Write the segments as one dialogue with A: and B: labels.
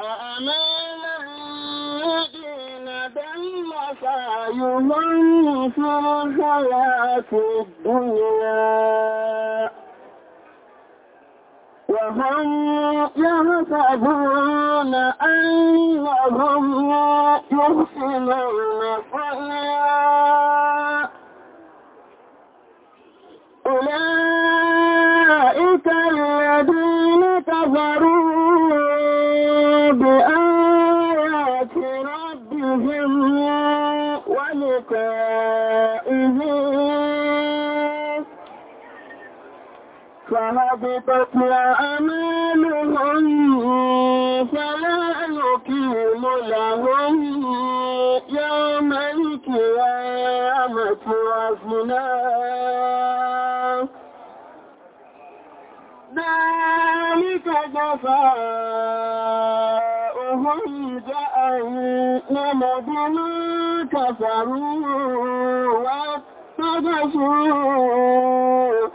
A: أأمان الذين في الحياة الدنيا وهم يحسبون أنهم يحسنون خيرا أولئك حبطت وأمالهم فلا يقيم لهم يوم القيامة وزنا ذلك جفاؤهم جأنم بما كفروا واتبسوا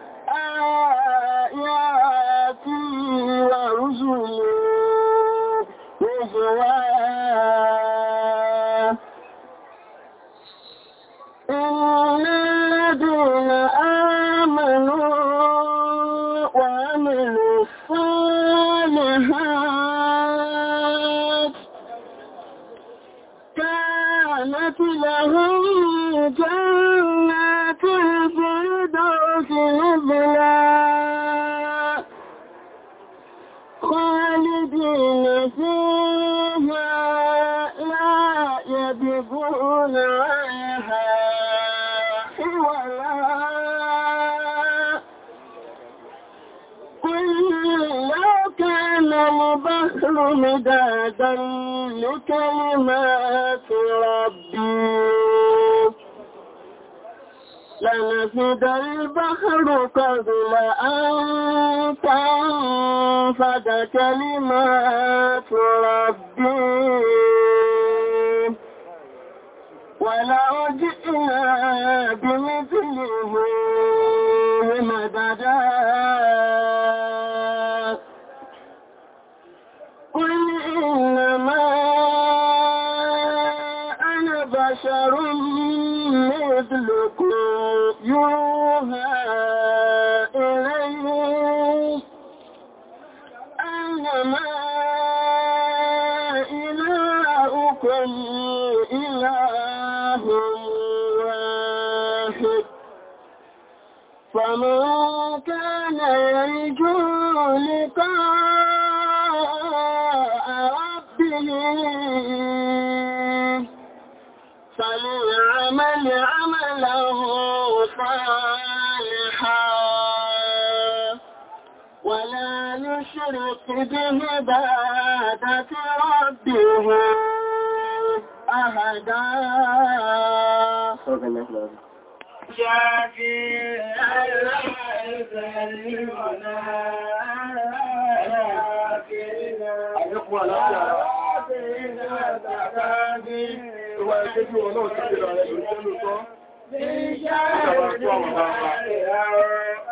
A: مدادا لكلمات ربي لنفد البحر قبل أن تنفد كلمات ربي ولو جئنا بمثله مددا إله واحد فمن كان يرجو لقاء ربه فليعمل عمله صالحا ولا يشرك بعبادة ربه أحدا
B: شافي سلمنا
A: Ìjọ́ ìjọ́ ìjọ́ ìjọ́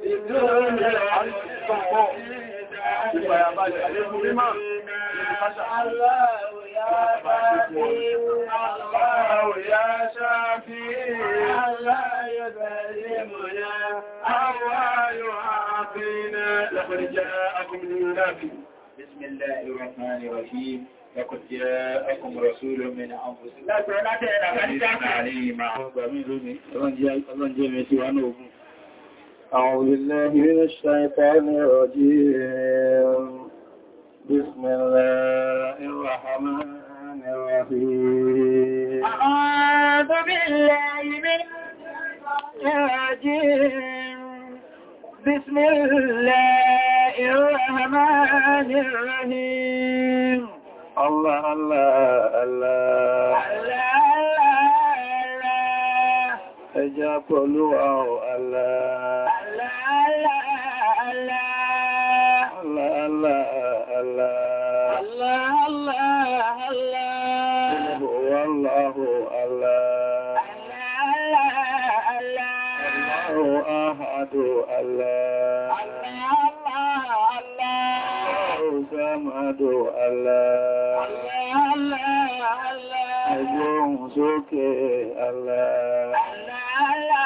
B: بسم الله الرحمن الرحيم لقد جاءكم رسول من أنفسكم عليم أعوذ بالله من الشيطان الرجيم أعوذ بالله من الشيطان الرجيم بسم الله الرحمن الرحيم أعوذ بالله
A: من الرجيم بسم
B: الله الرحمن الرحيم الله الله الله الله ẹjá pẹ̀lú àwọ̀ Allah Allah Allah Allah Allah Allah
A: Allah Allah Allah Allah Allah
B: Samadu Allah. Allah,
A: Allah,
B: Allah. Ẹjọ́ Allah Allah Allah. Allah. Allahu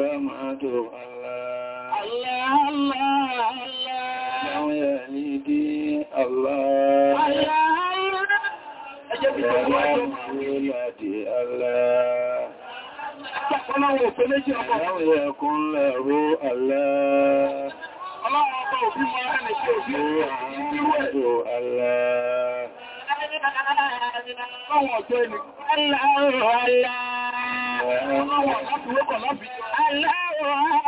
B: Samadu Allah.
A: Allah, Allah,
B: Allah. Àwọn ẹ̀rí dé Allah. Allah,
A: Allah. Ẹjẹ́ bí i ọmọ
B: Allah. Ọlọ́run òpé méjì ọmọ. Àwọn ẹ̀kùn lẹ́rú Allah. Ọlọ́run ọba òbí mọ́ ẹni tí òbí rú
A: Allah. Ọlọ́run ọjọ́ ẹni. Allah, Allah. Ọlọ́run ọjọ́ ẹni. Allah, Allah.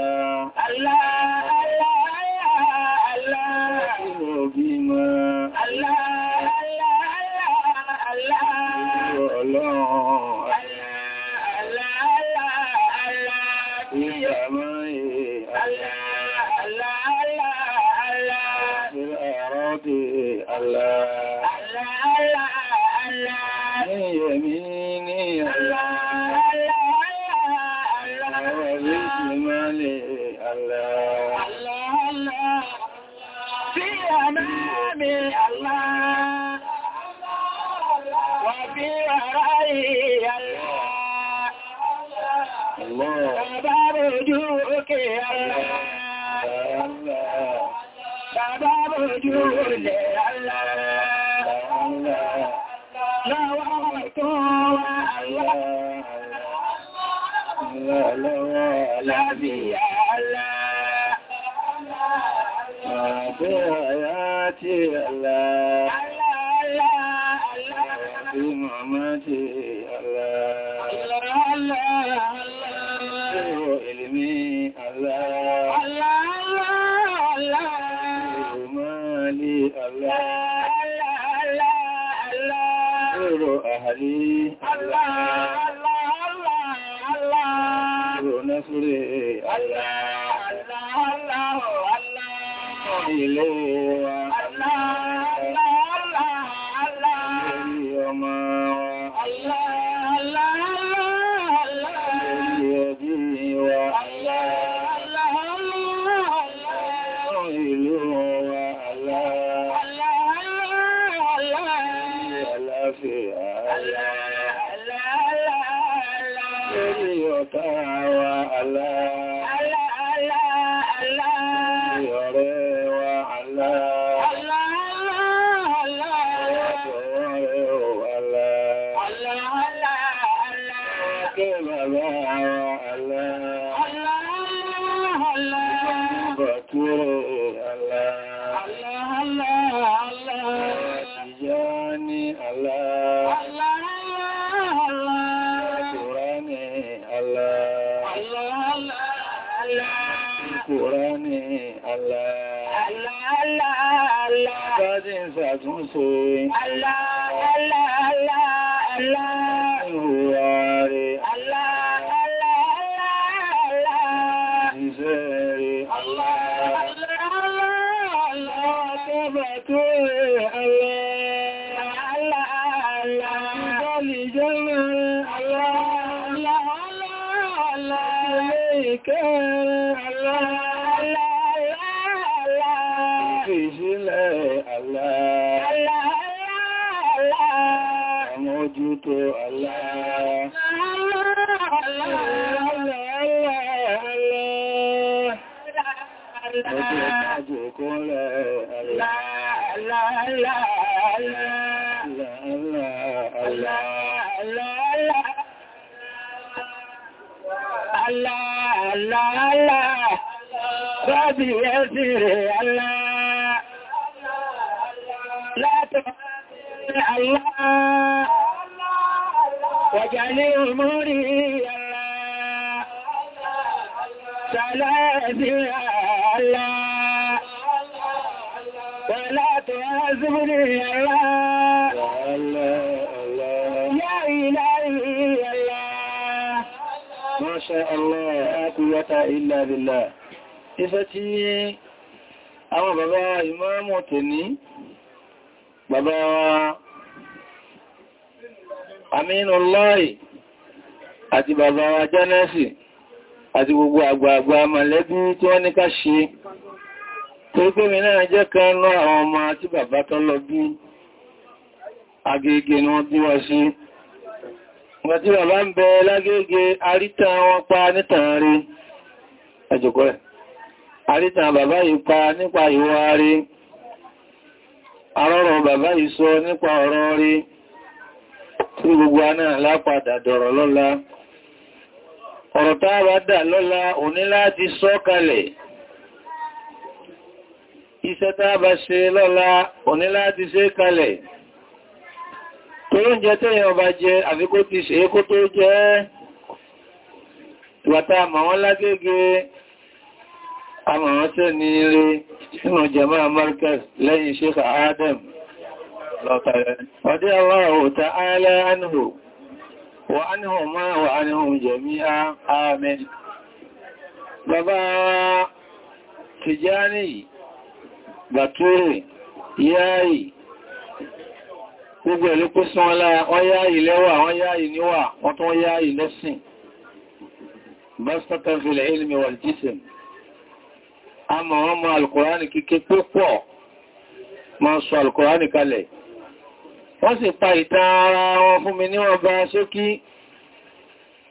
A: ìkẹ́ aláàlá
B: ìfìsílẹ̀ aláàlá àmójútó aláàlá Ọjọ́ ìpájẹ̀
A: kó ń lẹ سيري يا سيري الله لا تفعلني الله واجعلي أموري الله سلامي الله ولا تعذبني الله
B: ما شاء الله لا قوة إلا بالله iṣẹ́ tí àwọn bàbá ìmáàmù tò ní bàbá Aminullahi àti bàbá Jánásì àti gbogbo àgbààgbà mọ̀lẹ́bí tí wọ́n ní ká ṣe tó pé mi náà jẹ́ kan lọ àwọn ọmọ àti bàbá tó lọ bí agége ni wọ́n bí wọ́n sí wọ́n tí bàbá ń bẹ lágége arítà wọn pa nítàn rí ẹjọ́kọ́ rẹ̀ àríta bàbá yìí pa nípa ìwà rí arọ́rọ̀ bàbá yìí sọ nípa ọ̀rọ̀ rí tí gbogbo aná lápadà dọ̀rọ̀ lọ́la ọ̀rọ̀ tá bá dà lọ́la òní láti sọ kalẹ̀ iṣẹ́ tá bá ṣe lọ́la òní láti ṣe kalẹ̀ jẹ amọ̀ránṣẹ́ ní ilé nínú jama'a markaz lẹ́yìn sheikh adam ọdí aláwọ̀ ta alẹ́ anihò wa anihò máa wa anihò jami'a amen bàbá tijani bature yayi gbogbo ẹ̀lú kó sán ọlá wọ́n yáyì lẹ́wà wọ́n yáyì níwà wọ́n tún yáyì lẹ́sìn bá sọ́tọ̀ fil àmọ́ wọ́n mọ alùkùránì kíké tó pọ̀ máa sọ alùkùránì kalẹ̀ wọ́n sì pa ìta ara wọn fún mi níwọ̀n bá ṣókí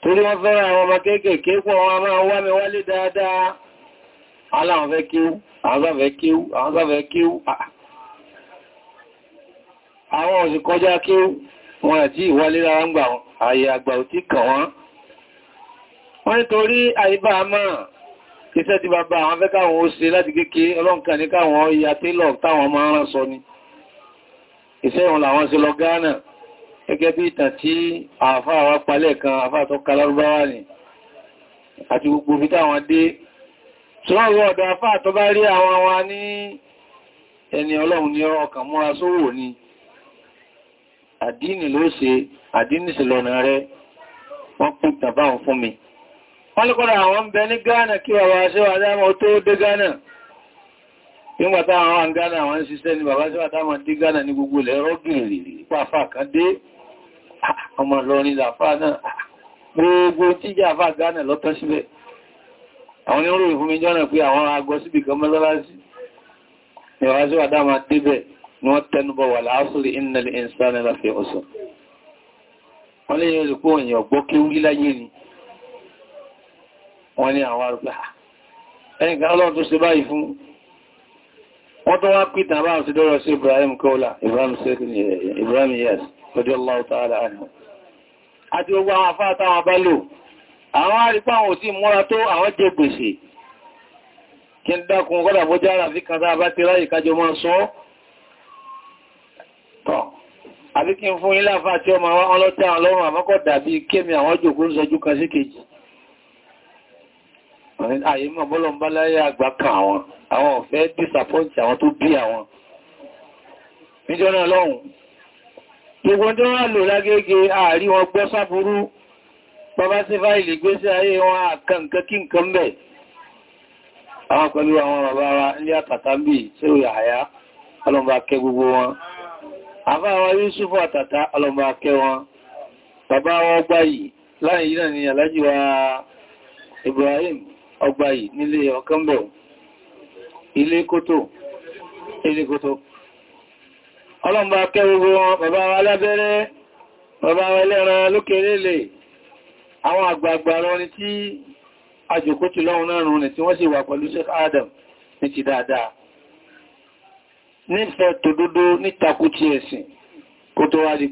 B: torí wọ́n fẹ́ràn àwọn ọmọ kéékèèké pọ̀ wọn máa wá mi wálé dáadáa aláwọn fẹ́ kíú àwọn kíú àwọn ah. òsì kọjá kíú wọn àti ìwálé lára ń gbà àyè àgbà òtí kàn wọ́n nítorí àìbá máa iṣẹ́ ti bàbá àwọn fẹ́ káwọn ó ṣe láti kéèké ọlọ́nkà ní káwọn ìyà télọ̀ táwọn máa rán sọ ni iṣẹ́ ìwọ̀n làwọn ṣe lọ Ghana gẹ́gẹ́ bí ìtàn tí àáfáà wa palẹ̀ kan àáfáà tó ka lárúbáwá ni àti gbogbo fi táwọn dé ṣọ́rọ̀ ọ̀dọ̀ àáfáà tó bá rí àwọn wa ní ẹni ọlọ́run ní ọkàn múra sówò wọ́n ní kọ́nà àwọn ń bẹ ní Ghana kí àwọn aṣẹ́wà dámọ́ tó dé Ghana nígbà táwọn àwọn Ghana àwọn ń ṣiṣẹ́ ní bàbá aṣẹ́wà dámọ́ dé Ghana ní gbogbo ilẹ̀ rọ́gìnrì pàfà kan dé ọmọ lọrin làfà náà gbogbo tíjà àfà Ghana lọ́tọ́ síbẹ̀ àwọn onírò ìfúnmi jọ́nà pé àwọn agọ́ síbì kan mọ́lọ́lásí ni wọ́n aṣẹ́wà dámọ́ débẹ̀ ni wọ́n tẹnubọ̀ wà láásùrí innal insana lafi khusr wọ́n lè yẹ́ olùkó òyìn ọ̀gbọ́ kéwú láyé ni wọ́n ní àwọn arúgbà ah, ẹnìkan ọlọ́run tó ṣe báyìí fún wọ́n tó wá pìtà bá ti dọ́rọ̀ sí Ibrahim Kola Ibrahim sẹ́kùn Ibrahim yes lọ́dí Allahu ta'ala anhu àti gbogbo àwọn afá àtàwọn bá lò àwọn àrípá àwọn òsì múra tó àwọn jẹ gbèsè kí ń dákun kọ́dà bó jára fi kan sáà bá ti ráyì kájọ máa sọ tọ́ àbí fún ilé àfá àti ọmọ ọlọ́tẹ́ àwọn ọlọ́run àmọ́kọ̀ dàbí kémi àwọn jòkó ń sọjú kan sí kejì àyè mọ̀ bọ́lọ̀ ń bá láyé àgbà kan àwọn àwọn ọ̀fẹ́ disappoint àwọn tó bí àwọn níjọ́nà lọ́hùn gbogbo tó wà lò lágége ààrí wọn gbọ́ sáburú bàbá sí fáìlì gbé sí ayé wọn àkànkẹ́ kí nǹkan bẹ̀ àwọn pẹ̀lú àwọn bàbá wa ní àtàtàmbì tí ó yàáyá ọlọ́mbà kẹ́ gbogbo wọn àbáwọn Yúsúfù àtàtà ọlọ́mbà kẹ́ wọn bàbá wọn gbáyì láàrin yìí náà ni alájíwá Ibrahim ọgbà yìí nílé ọkànbẹ̀ ilé kótó ilé kótó ọlọ́mbà kẹwogbo wọn bàbá wa lábẹ́rẹ́ bàbá wa ẹlẹ́ran lókèrè lè àwọn àgbààgbà lọ ni tí àjòkótù lọ́run náà rùn ní tí wọ́n sì wà pẹ̀lú Sheikh Adam ní ti dáadáa nífẹ́ tòdodo nítakú ti ẹ̀sìn kó tó wá di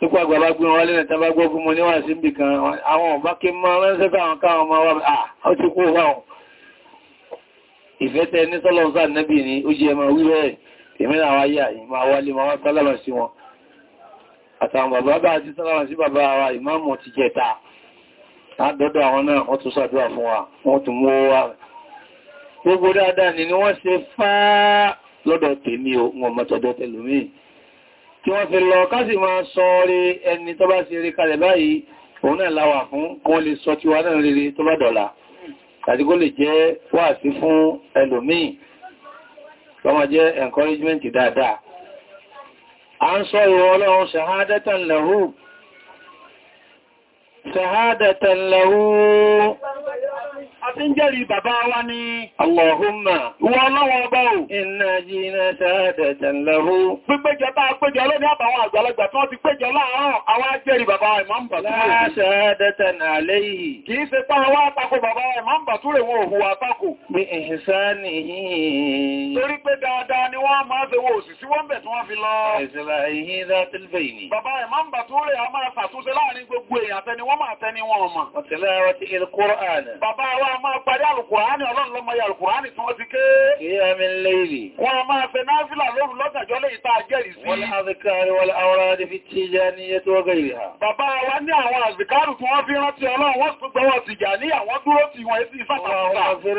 B: nípa àgbàbá gbé wọn lẹ́nà tàbá gbọ́ fún mọ́ níwà sí ibì kan àwọn ọ̀bá kí mọ́ ránṣẹ́ fáwọn káwọn ma wà àà ó ti kó fáwọn ìfẹ́ tẹ ní sọ́lọ́nsá nẹ́bì ní ó jẹ ẹmọ wíwẹ́ ìmìnà wáyà ìmọ̀ wálé ma wá sálámà sí ni wọ́n ṣe fáá lọ́dọ̀ tèmi o wọn mọ́tọ́dọ̀ kí wọ́n fi lọ kásì máa sọ rí ẹni tó bá ti rí kalẹ̀ báyìí òun náà láwà fún kó lè sọ tí wà náà rí tó bá dọ̀la àti kó lè jẹ́ wáàsí fún ẹlòmíì lọ́mọ jẹ́ encouragement dáadáa a ń sọ ìwọ lahu shahadatan lahu Àti ń jẹ́rìí bàbá wa ní Allahumma. Ìwọ ọlọ́wọ́ ọba ò. Inna jina sadatan lahu. Pípéjọ bá péjọ lónìí àbàwọn àgbàlagbà tí wọ́n ti péjọ láàárọ̀, àwọn ajẹ́rìí bàbá Imam Bature. La sadatan alayhi. Kìí ṣe máa fi wo òsìsí láàrin gbogbo èèyàn àtẹni máa tẹni ọmọ. Bàbá wa a máa parí alùkùránì ọlọ́run ló mọ iye tí wọ́n ti ké wọ́n a máa fẹ́ náàfílà lóru lọ́gàjọ́ lè ìta jẹ́rìí sí wọ́n azikari wọ́n awradi fi Tijaniyya wa ghayriha bàbá wa ní àwọn azikaru tí wọ́n fi rántí ọlọ́run wọ́n tún gbọ́wọ́ ti jà ní àwọn dúró tí wọ́n sí ìfàtàkùn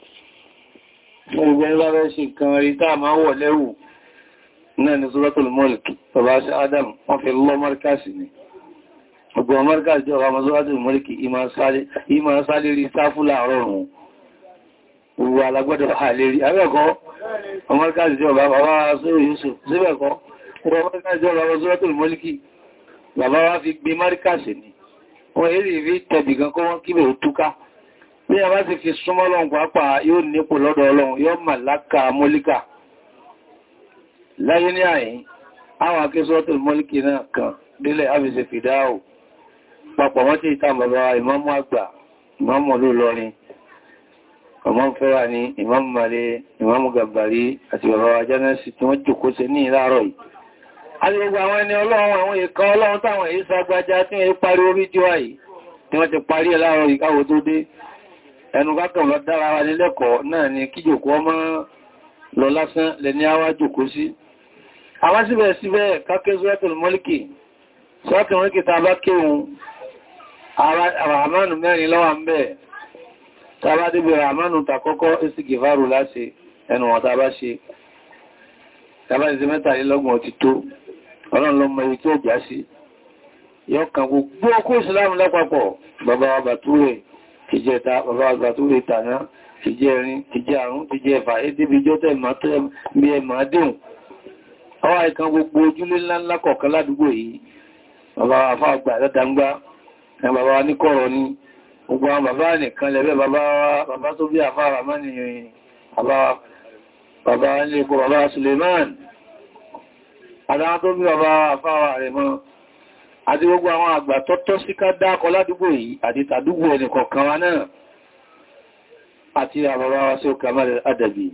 B: Gbogbo ńlá rẹ̀ ṣe kan rí táà máa wọ̀ lẹ́wù náà ni Suratul Mulk, bàbá ṣe Adam, wọ́n fi lọ Mọ́ríkàsì ni. Ọgbọ̀n Mọ́ríkàsì jọ ọmọ Suratul Mulk, ìmọ̀ sáré rí sáfúlà rọrùn. Gbogbo alágbọ́dọ̀ hà lérí. Abẹ́ẹ̀kọ́, Mọ́ríkàsì jọ bàbá wá sórí Yusuf, síbẹ̀kọ́, Mọ́ríkàsì jọ ọmọ Suratul Mulk, bàbá bí a bá ti fi súnmọ́ lọ́n pàápàá yóò nípò lọ́dọ̀ ọlọ́run yóò mà láka mọ́líkà láyé ní àyín àwọn akẹ́sọ́tò mọ́líkì náà kan délẹ̀ àbìsẹ̀ fìdáhù papọ̀ wọ́n ti ìta bàbá ìmámù àgbà ìmámù olóòlọ́rin ọmọ fẹ́ra ní ìmámù malé ìmámù gàbàrí àti bàbá ajánásí tí wọ́n jòkó se ní ìlàárọ̀ yìí alẹ́gbà àwọn ẹni ẹnu kákan lọ dára wa ní lẹ́kọ̀ọ́ náà ni kí jòkó ọmọ lọ lásán lẹ ní àwá jòkó sí àwọn síbẹ̀síbẹ̀ káké sọ́tùl mọ́líkì sọ́tùl mọ́líkì ta bá kéhun àràmánù mẹ́rin lọ́wà ń bẹ̀ ta bá débẹ̀ àràmánù tàkọ́kọ́ isi gìfàrù láti ẹnu wọn ta bá ṣe ta bá ṣe mẹ́tàlélọ́gbọ̀n gbogbo ọkọ̀ ìsìlámù lápapọ̀ bàbá wa bàtúrẹ̀ ìjẹta bàbá àgbà tó lè tàná ìjẹ ẹrin ìjẹ àrún ìjẹ ẹ̀fà ẹ́dẹ́bí jọ́tẹ̀ mi ẹ̀mà dẹ̀hùn ọwá ìkan gbogbo ojúlé ńláńlá kọ̀ọ̀kan ládùúgbò yìí bàbá àfá àgbà àdádàngbá bàbá ní kọ̀rọ̀ ni gbogbo àwọn bàbá nìkan lẹ́bẹ̀ bàbá tó bí àfá ramani bàbá ilé epo bàbá Suleiman adáwọn tó àti gbogbo àwọn àgbà tọ́tọ́ sí ká dákọ ládúgbò yìí àti tàdúgbò ẹnìkọ̀ọ̀kan wa náà àti àbàbá wa sí Kamal Adabi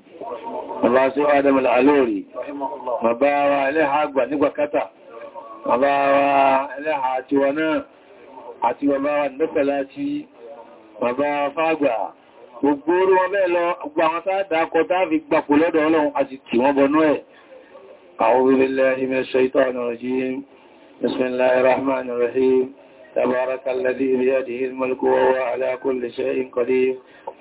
B: bàbá sí Adam Al-Alori bàbá wa ẹlẹ́ha àgbà nígbàkátà bàbá wa ẹlẹ́ha àti wa náà àti bàbá wa nẹ́fẹ̀lá tí bàbá fàgbà gbogbo orí wọn bẹ́ẹ̀ lọ gbogbo àwọn sáàdákọ dáàfi gbapò lọ́dọ̀ Ọlọ́run àti tì بسم الله الرحمن الرحيم تبارك الذي بيده الملك وهو على كل شيء قدير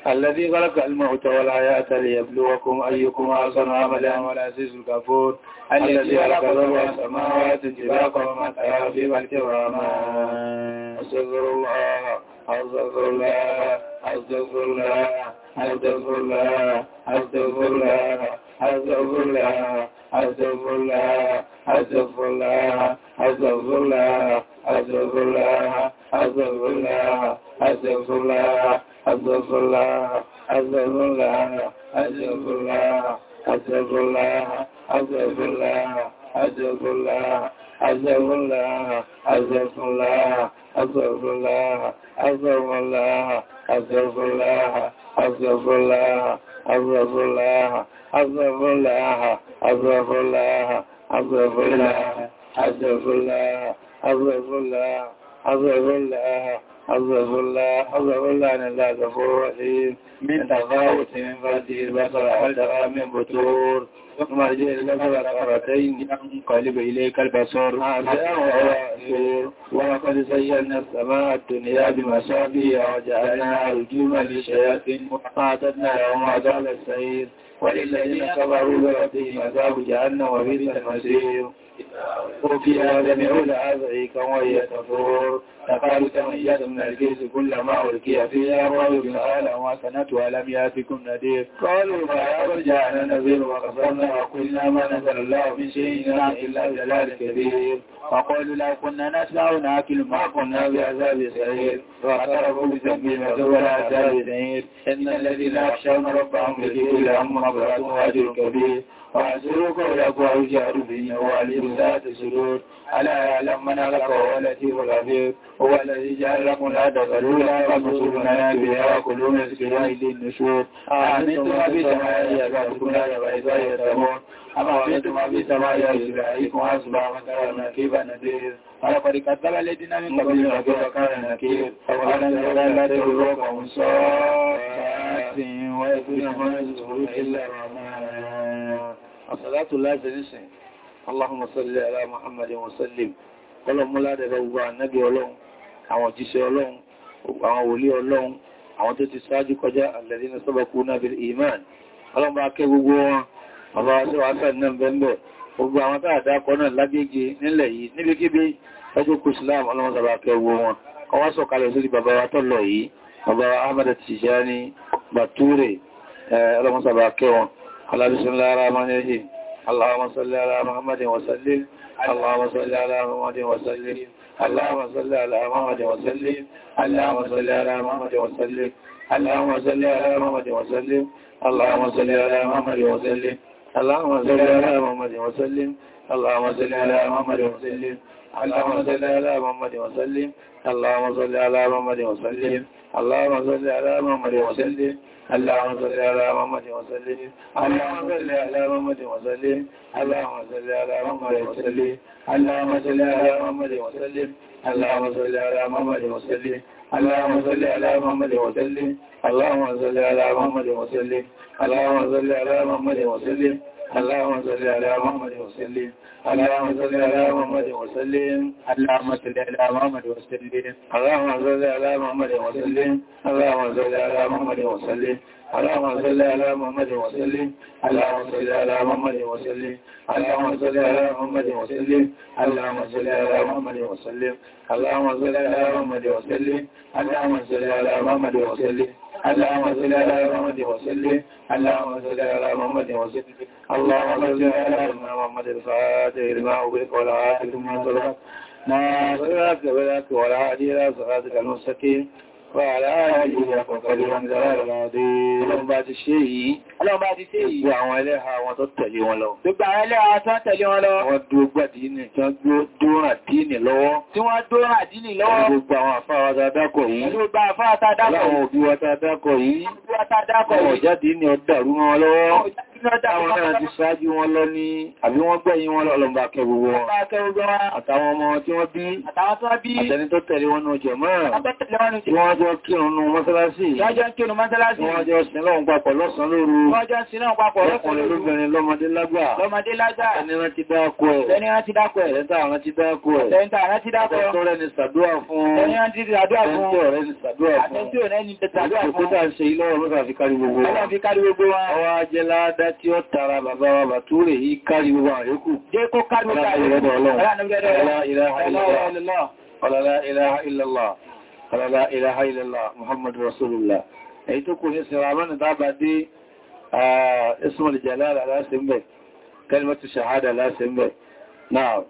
B: الذي خلق الموت والحياة ليبلوكم أيكم أحسن عملا والعزيز الكفور الذي خلق سبع سماوات طباقا وما ترى في ملك الرحمن أستغفر الله أستغفر الله أستغفر الله أستغفر الله أستغفر الله أستغفر الله أستغفر الله أستغفر الله أستغفر الله أستغفر الله أستغفر الله أستغفر الله أستغفر الله أستغفر الله أستغفر الله أستغفر الله أستغفر الله أستغفر الله أستغفر الله أستغفر الله أستغفر الله أستغفر الله أستغفر الله Astaghfirullah, Astaghfirullah, Astaghfirullah, Astaghfirullah, Astaghfirullah, Astaghfirullah, Astaghfirullah, Astaghfirullah, حظه الله حظه الله أن الله غفور رحيم من تغاوت من فاته البصر والتقى من بطور مرجع البصر مرتين ينقلب إليك البصر عزاء وعزور ولقد زينا السماء الدنيا بمصابيح وجعلناها رجوما للشياطين وأعتدنا لهم عذاب السعير وللذين كفروا بربهم عذاب جهنم وبئس المصير وفيها جميع الأذعي وهي يتفور تقال كما من الجنس كل ما ألقي فيها الرجل قال وسنتها لم يأتكم نذير قالوا فلا رجعنا نذير وغفرنا وقلنا ما نزل الله من شيء إلا جلال كبير وقالوا لو كنا نسمع ونأكل ما كنا بعذاب سعير فاعترفوا بذنبهم فسوى عذاب سعير إن الذين يخشون ربهم بذكر لهم مغفرة وأجر كبير واعزلوك ولا أرجع الدنيا وعليه ذات السرور ألا يعلم من لك وهو لطيف الخبير هو الذي جعل لكم الأرض ذلولا فانصرنا بها وكلوا من سكنها إلى النشور أأمنتم في سماء يبعثكم لا يبعثا يتمون أما أمنتم في سماء يبعثكم أصبع مكرا نكيبا نذير ولقد كذب الذين من قبلهم وكان نكير وأنا لا تدعو قوم
A: صالحين
B: ويكون ما يزهر إلا الرحمن àsàlátù láti ríṣìn Allahumma salli ala Muhammadin wa sallim ọlọ́múlá dẹ̀rẹ̀ gbogbo ànábì ọlọ́run àwọn òjíṣẹ́ ọlọ́run àwọn wòlí ọlọ́run àwọn tó ti sáájú kọjá alladhina sabaquna bil iman ọlọ́mọ akẹ́ gbogbo wọn ọba aṣọ àṣà náà bẹ́ẹ̀ gbogbo àwọn tó àdákọ náà lágbègbè nílẹ̀ yìí níbikíbi ọjọ́ kùsùlám ọlọ́mọ sàbà akẹ́ gbogbo wọn ọwá sọ̀kalẹ̀ sórí Tijani Bature ọlọ́mọ sàbà wọn اللهم صل على محمد وسلم اللهم صل على محمد وسلم اللهم صل على محمد وسلم اللهم صل على محمد وسلم اللهم صل على محمد وسلم اللهم صل على محمد وسلم اللهم صل على محمد وسلم اللهم صل على محمد وسلم اللهم صل على محمد وسلم اللهم صل على محمد وسلم اللهم صل على محمد وسلم اللهم صل على محمد وسلم اللهم صل على محمد وسلم اللهم صل على محمد وسلم اللهم صل على محمد وسلم اللهم صل على محمد وسلم اللهم صل على محمد وسلم اللهم صل على محمد وسلم اللهم صل على محمد وسلم اللهم صل على محمد وسلم اللهم صل على محمد وسلم اللهم صل على محمد وسلم اللهم صل على محمد وسلم اللهم صل على محمد وسلم اللهم صل على محمد وسلم اللهم صل على محمد وسلم اللهم صل على محمد وسلم اللهم صل على محمد وسلم اللهم صل على محمد وسلم اللهم صل على محمد وسلم اللهم صل على محمد وسلم اللهم صل على محمد وسلم اللهم صل على محمد الفاتح لما أبرك ولا عاقل ما صلحك ما صلحك ولا عدي إلى صلاتك المستقيم وعلى آله وقبل من ذلك العظيم ọlọ́run bá ti ṣe yìí ọlọ́run bá ti ṣe yìí gbogbo àwọn ẹlẹ́ha wọn tó tẹ̀lé wọn lọ gbogbo àwọn ẹlẹ́ha tó tẹ̀lé wọn lọ wọ́n dúró gbàdínì tí wọ́n dúrà dínì lọ́wọ́ tí wọ́n dúrà dínì lọ́wọ́ gbogbo àwọn àfáwà tá dákọ̀ yìí gbogbo àfáwà tá dákọ̀ yìí Àwọn náà ti ṣáájú wọn lọ ní àbí wọ́n gbẹ̀yìn wọn lọ́lọ́mbà akẹ́ gbogbo wọn. Àtàwọn ọmọ tí wọ́n bí, àtẹni tó tẹ̀lé wọn náà jẹ̀mọ́. Wọ́n jọ kírun nú mọ́sálásì. Wọ́n jọ kírun mọ́sálásì. Wọ́n jọ sínáà papọ̀ lọ́sàn lóru. Wọ́n jọ sínáà papọ̀ lọ́sàn lóru. Lọ́kùnrin lọ́mọdé lágbà. Lọ́mọdé lágbà. Ẹni rán ti dákọ ẹ̀. Ẹni rán ti dákọ ẹ̀. Ẹni rán ti dákọ ẹ̀. Ẹni rán ti dákọ ẹ̀. Ẹni rán ti dákọ ẹ̀. Ẹni rán ti dákọ ẹ̀. Ẹni rán ti dákọ ẹ̀. Ẹni rán ti dákọ ẹ̀. Ẹni rán ti dákọ ẹ̀. Ẹni rán ti dákọ ẹ̀. Ẹni rán ti dákọ ẹ̀. Ẹni rán ti dákọ ládá tí ó tara bàbá wa bà tó rè yí kárí gbogbo àyókù. Jẹ́ kó kárí gbogbo كلمة الشهادة لا سنبه نعم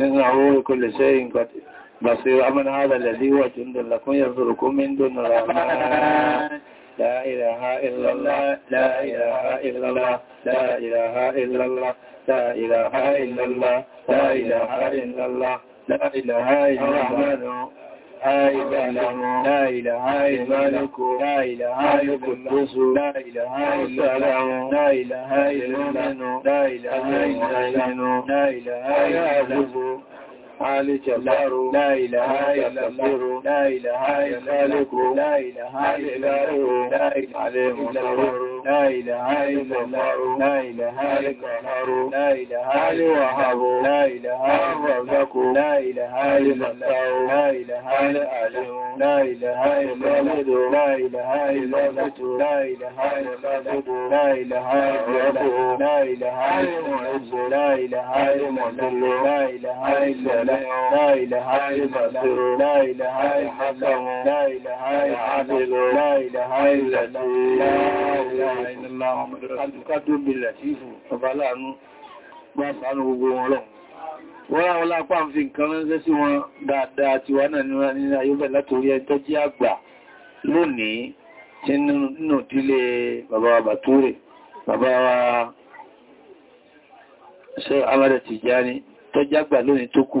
B: إنه لكل شيء قدير بصير أمن هذا الذي هو جند لكم يرزقكم من دون الرحمن لا إله إلا الله لا إله إلا الله لا إله إلا الله لا إله إلا الله لا إله إلا الله لا إله إلا الله لا إله إلا الملك لا إله إلا القدس لا
A: إله إلا الله لا إله إلا المؤمن لا إله إلا الله لا إله إلا الله
B: الجبار لا إله إلا الله لا إله إلا الخالق لا إله إلا هو العليم القدير لا إله إلا الله لا إله إلا القهار لا إله إلا الوهاب لا إله إلا الرزاق لا إله إلا الله لا إله إلا العليم لا إله إلا الولد لا إله إلا البت لا إله إلا الصد لا إله إلا الرب لا إله إلا المعز لا إله إلا المذل لا إله إلا لا إله إلا الله لا إله إلا الله لا إله إلا الله لا إله إلا الله لا إله إلا الله محمد رسول الله ká tó bilẹ̀ sí ọba láàánú bá sánú gbogbo wọn lọ wọ́n àwọn lápá ń fi nǹkan ránṣẹ́ sí wọn dáadáa ti wá náà níra nínú ayébẹ̀ látorí ẹjọ́ jí àgbà lónìí tí nínú dílé bàbá wa Bàtúrè bàbá wa ṣe Amada Tijani tó jágbà lónìí tó kù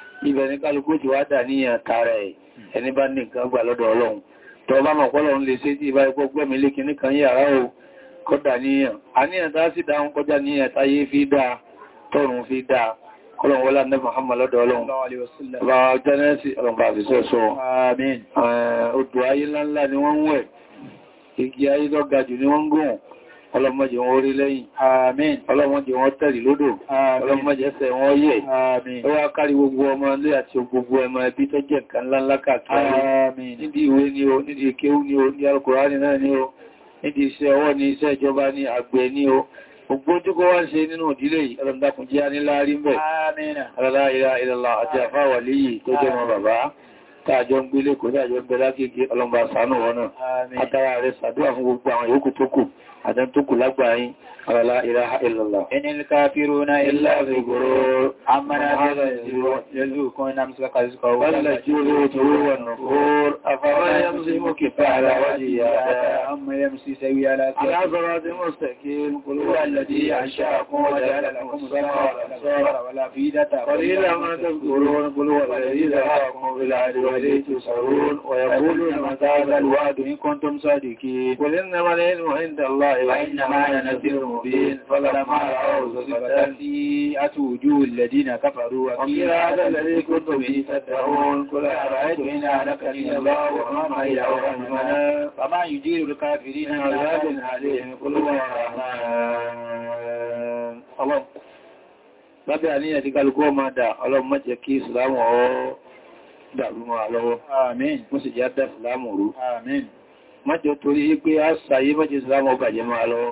B: ibẹ̀ ní kálukú ti wádà ní àtàrà ẹ̀ ẹni bá ní nǹkan gbà lọ́dọ̀ ọlọ́run tó bá mọ̀ pọ́lọ́run lè ṣe tí ìbá ipò gbẹ́mí lé kìíní kan yàrá o kọ́dà níyàn àníyàn tá sì dáhùn kọjá níyàn táyé fi dáa tọrùn fi dáa kọlọ̀wọ́ lánàá Muhammad lọ́dọ̀ ọlọ́run bá jẹ́nẹ́sì ọlọ́mbà àti sọ́ọ̀sọ́ odò ayé ńláńlá ni wọ́n ń wẹ̀ igi ayé lọ́gajù ni ọlọ́mọdé wọn orí lẹ́yìn àmín ọlọ́mọdé wọn tẹ̀rì lódò ọlọ́mọdé ẹsẹ̀ wọn yẹ̀ àmín ó wá kárí gbogbo ọmọ ilé àti gbogbo ẹmọ ẹbí tó jẹ́ nǹkan ńláńlá káàkiri o nídìí ìkéwú ni o ní o nídìí iṣẹ́ ni iṣẹ́ ìjọba ni o Ogbó ojúkọ wá ń ṣe nínú ìdílé yìí, ọlọ́mdákùn jẹ́ aníláàrí ń bẹ̀. Alá ìlà ìlàlá àti àfáwà léyìí tó jẹ́ mọ bàbá, tààjọ ń gbélé kò dájọ́ ń bẹ lákèké ọlọ́mbà sánú wọn náà. Àtàrà rẹ̀ sàdúwà fún gbogbo àwọn yòókù tó kù àtẹ́ tó kù lágbàáyín ولا إله إلا الله إن الكافرون إلا في أما عمنا يزوكون أمسك قزقه ولا جلو جلو النفور أفلا يمسي مكفى وجهي أما يمسي سوي على صراط مستقيم قل هو الذي أنشأكم وجعل لكم السمع ولا فيدة قليلا ما تذكرون قل هو الذي ذهبكم إلى وإليه تسعون ويقولون متى هذا الوعد إن كنتم صادقين قل إنما العلم عند الله وإنما أنا نذير مبين فلما رأوا زلزلات وجوه الذين كفروا وقيل هذا الذي كنتم به تدعون قل أرأيت إن أهلكني الله ومن معي أو رحمنا فما يجير الكافرين عذاب عليهم قل هو الرحمن الله lábẹ́ àníyàn tí kálukú ọmọ dà ọlọ́run má jẹ́ kí ìsìlámù ọwọ́ dàrú mọ́ àlọ́wọ́. àmín. mú sì jẹ́ dá ìsìlámù rú. àmín. má jọ torí pé a sàyé má jẹ́ ìsìlámù ọgbàjẹ́ mọ́ àlọ́wọ́.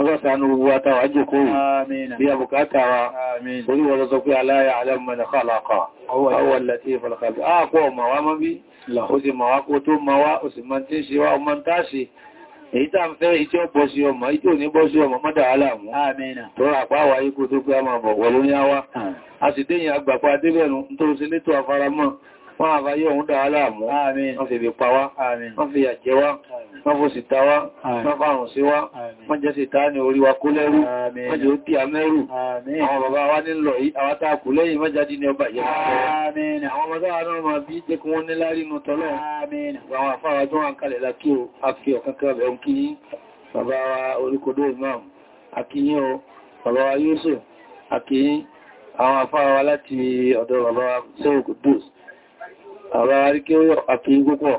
B: ọlọ́sànú gbogbo àtàwà jòkó bí a bukata wa orí wọ́n lọ́sọ pé aláyà alámọ̀nà kọlọ̀kọ̀ ọwọ́ láti ìfàlọ̀kàbí àpọ̀ ọmọ wa mọ́ bí o sì mọ̀ wá kó tó mọ́ wá o sì mọ́ tí ń ṣe wá ọmọ ń táṣe èyí tàà fẹ́ ìjọ bọ́ wọ́n àbáyé òun dà aláàmú wọ́n fi bí pawá wọ́n fi àjẹwá wọ́n fò sí tawá wọ́n fàrùn sí wá wọ́n jẹ́ sí tàá ní orí wa kó lẹ́rú wọ́n jẹ́ ó tí a mẹ́rù àwọn bàbá wa ní lọ yìí àwọn tààkù lẹ́yìn mẹ́jáde ní ọba ìyẹ́ àwọn ọmọdá náà wa láti ọ̀dọ̀ bàbá wa sẹ́wọ̀kùdùs àwọn arí kí ó àkí púpọ̀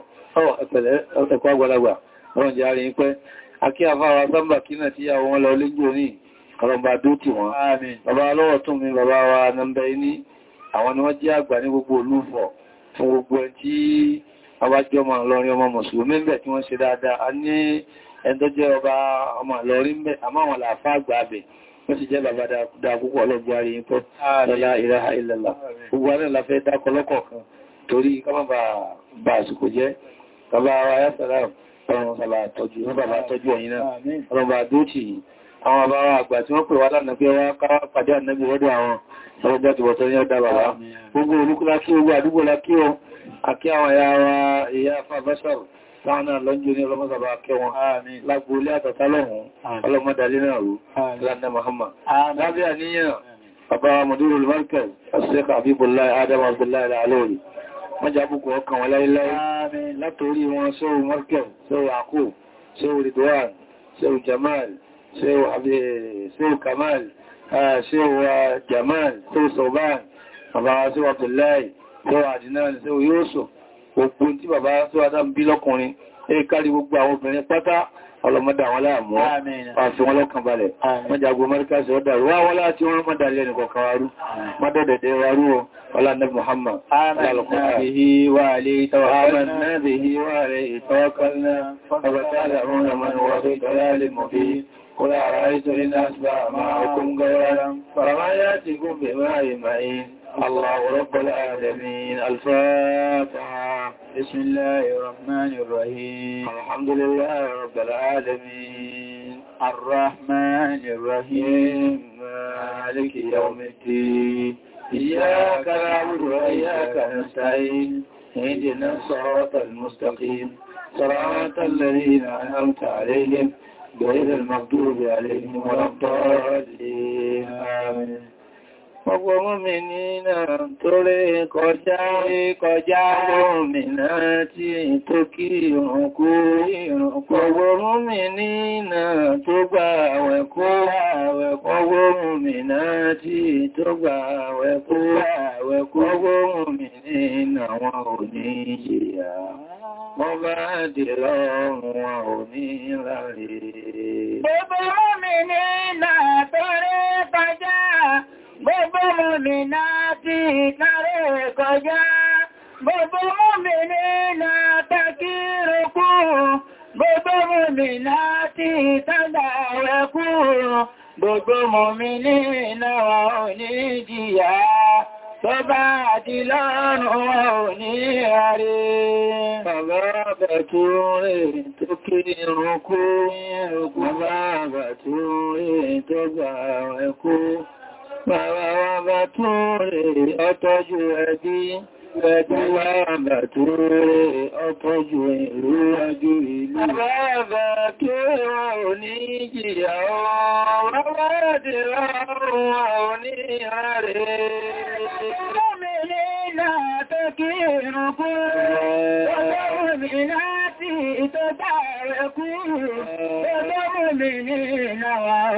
B: ẹ̀pẹ̀lẹ̀ ẹ̀kọ́ àgbàlagbà ọ̀rọ̀ jẹ́ àrí pẹ́ akí àfáwà sábà kí náà tí àwọn lọ léjò ní ọlọ́mbà dótì wọn bàbá lọ́wọ́ tún mi bàbá wa nọmbẹ̀ ní àwọn ni wọ́n jẹ́ àgbà ní gbogbo olúfọ̀ fún gbogbo ẹ̀ tí àwájọ́ ọmọ Ìlọrin ọmọ mùsùlùmí ń bẹ̀ tí wọ́n ṣe dáadáa a ní ẹ̀ntọ́ jẹ́ ọba ọmọ Ìlọrin ń bẹ̀ àmáwọn làáfà àgbà bẹ̀ wọ́n sì jẹ́ bàbá dáa púpọ̀ ọlọ́gbọ́ ayé ń pọ́ lọ́lá ìlàhà ìlàlá gbogbo torí kọ́mọ̀bà bá àsìkò jẹ́ bàbá wa yásàrá ọ̀rọ̀ sàbà tọ́jú bàbá tọ́jú ẹ̀yìn náà ọlọ́bà dóòtì àwọn bàbá àgbà tí wọ́n pè wá lánàá pé wá káwà pàdé ànábì rọ́dọ̀ àwọn ọlọ́jà ti bọ̀tọ́ ní ọ̀dá bàbá gbogbo olúkúlá kí ogun àdúgbò lákí ọ àkí àwọn ẹ̀yà wa ìyá fàbẹ́sàrù láàrín àlọ́jọ́ ní ọlọ́mọ́sàbà kẹ́ wọn lágbóolé àtàtà lọ́hùn ọlọ́mọdàlé náà rú lánàá Muhammad lábẹ́ àníyàn bàbá mọ̀dúrò lùmọ́kẹ̀ ọ̀sẹ̀kà àbíbùláì Adam Abdullahi Alóòrì wọ́n jábùkù ọkàn wọn láíláí látorí wọn sọ́rọ̀ mọ́kẹ̀ sọ́rọ̀ àkó sọ́rọ̀ ridwan sọ́rọ̀ jamal sọ́rọ̀ kamal sọ́rọ̀ jamal sọ́rọ̀ sọ́bán bàbá sọ́rọ̀ abdullahi sọ́rọ̀ adnan sọ́rọ̀ yusuf gbogbo tí bàbá sọ́rọ̀ adam bí lọ́kùnrin kárí gbogbo àwọn obìnrin pátá ọlọ́mọdà wọn láàmú àfi wọn lọ́kàn balẹ̀ mọ́jàgbó mọ́ríkà sí ọ̀dà rú wá wọ́n láti mọ́dà lẹ́nìkọ̀ọ̀kan wárú mọ́dẹ̀dẹ̀dẹ̀ wárú ọ ولا النبي محمد آمنا به وعليه توكلنا به وعليه توكلنا فبتعلمون من هو في ضلال مبين قل أرأيت إن أصبح معكم غيرا فما يأتيكم بماء معين الله رب العالمين الفاتحة بسم الله الرحمن الرحيم الحمد لله رب العالمين الرحمن الرحيم مالك يوم الدين إياك نعبد وإياك نستعين اهدنا الصراط المستقيم صراط الذين أنعمت عليهم غير المغضوب عليهم ولا الضالين آمين Gbogbo mọ́mìnì náà torí kọjá rí kọjá gómìnà tí tó kí ìrùn kú ìrùn. Gbogbo mọ́mìnì náà tó gbà àwẹ̀ kó àwẹ̀ gbogbo mọ́mìnà tí tó gbà àwẹ̀ kó àwẹ̀ gbogbo mọ́mìnì náà Wọ́n ò ní Gbogbo mọ́mí náà ti kàrẹ kọjá, gbogbo mọ́mí náà tàkí rúkú, gbogbo mọ́mí náà ti tàdà rẹ̀kú, gbogbo mọ́mí náà ò ní jìyà, tó bá àti lọ́rùn ò ní àrí. Bàbá Bàbá wa bá tó rẹ̀ ọtọ́jú ẹbí, ẹbí wa bà tó rẹ̀ ọtọ́jú ìlú ajú ìlú. Bàbá tó rọ̀ ní jìyà ọ̀rọ̀, bàbá dìrọ̀ ọ̀rọ̀ ní ààrẹ. المؤمنين تكيركم والمؤمنات تباركم والمؤمنين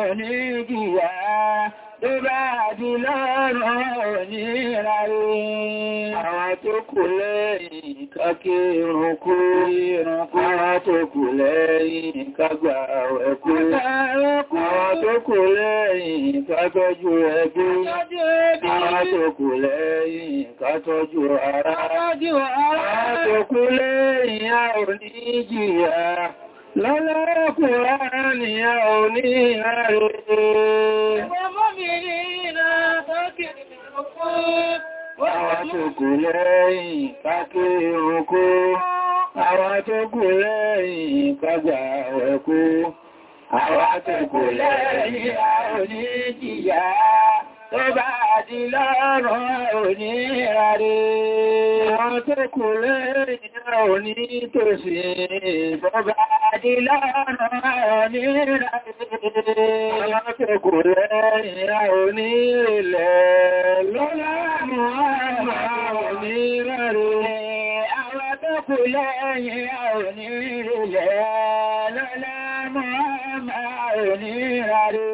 B: ونجيا Ìbáàdì lọ́rọ̀ ní ìràrí. Àwọn tó kù lẹ́yìn kákí ìrùnkú Àwọn tó kù lẹ́yìn ká tọ́jú ara tó kú lẹ́yìn a ò ní jìyà lọ́lọ́kùnrin ni a ò ní ààrẹ Àwọn tó kù lẹ́yìn káké oko, àwọn tó kù lẹ́yìn kágbà ẹ̀kú, àwọn tó kù lẹ́yìn a ò ní jìyà. Ẹbàdì láàrọ̀ onírarẹ̀, wọ́n tó kò lẹ́yìn òní tòṣì, bọ́bàdì láàrọ̀ onírarẹ̀, wọ́n tó kò lẹ́yìn onírẹ̀lẹ̀ lọ́lá kù lẹ́yìn àrùní ilẹ̀ lọ́lọ́mọ́ àrùní rárá.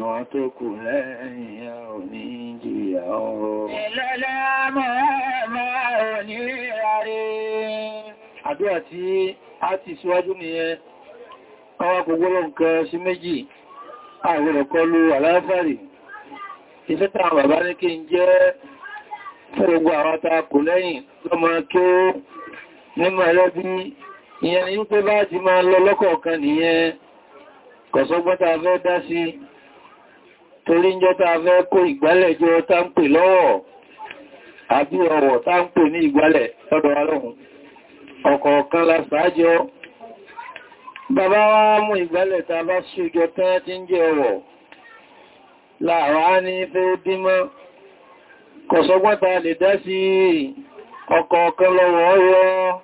B: Àwọn tó kù lẹ́yìn àrùní jìyà ọrọ̀. Lọ́lọ́mọ́ àrùní rárá. Àdúrà tí a ti síwájú nìyẹn, àwọn kò gbọ́lọ̀ nǹkan sí méjì, àwọn ọ̀rọ̀kọlù àlàáfàrí. Ìfẹ́ta bàbá ní kí ń jẹ́ fún gbogbo àwọn takò lẹ́yìn lọ́mọ kí ó ẹlẹ́bí ìyẹn ni wípé bá ti máa lọ lọ́kọ̀ọ̀kan nìyẹn kọ̀sọ́gbọ́ta fẹ́ dá sí torí jọta fẹ́ kó ìgbálẹ̀jọ tá ń pè lọ́wọ́ àbí ọwọ̀ tá ń pè ní ìgbálẹ̀ lọ́dọ̀ kọ̀sọ́gbọ́ta lè dá sí ọ̀kọ̀ọ̀kan lọ́wọ́ ọ̀rọ̀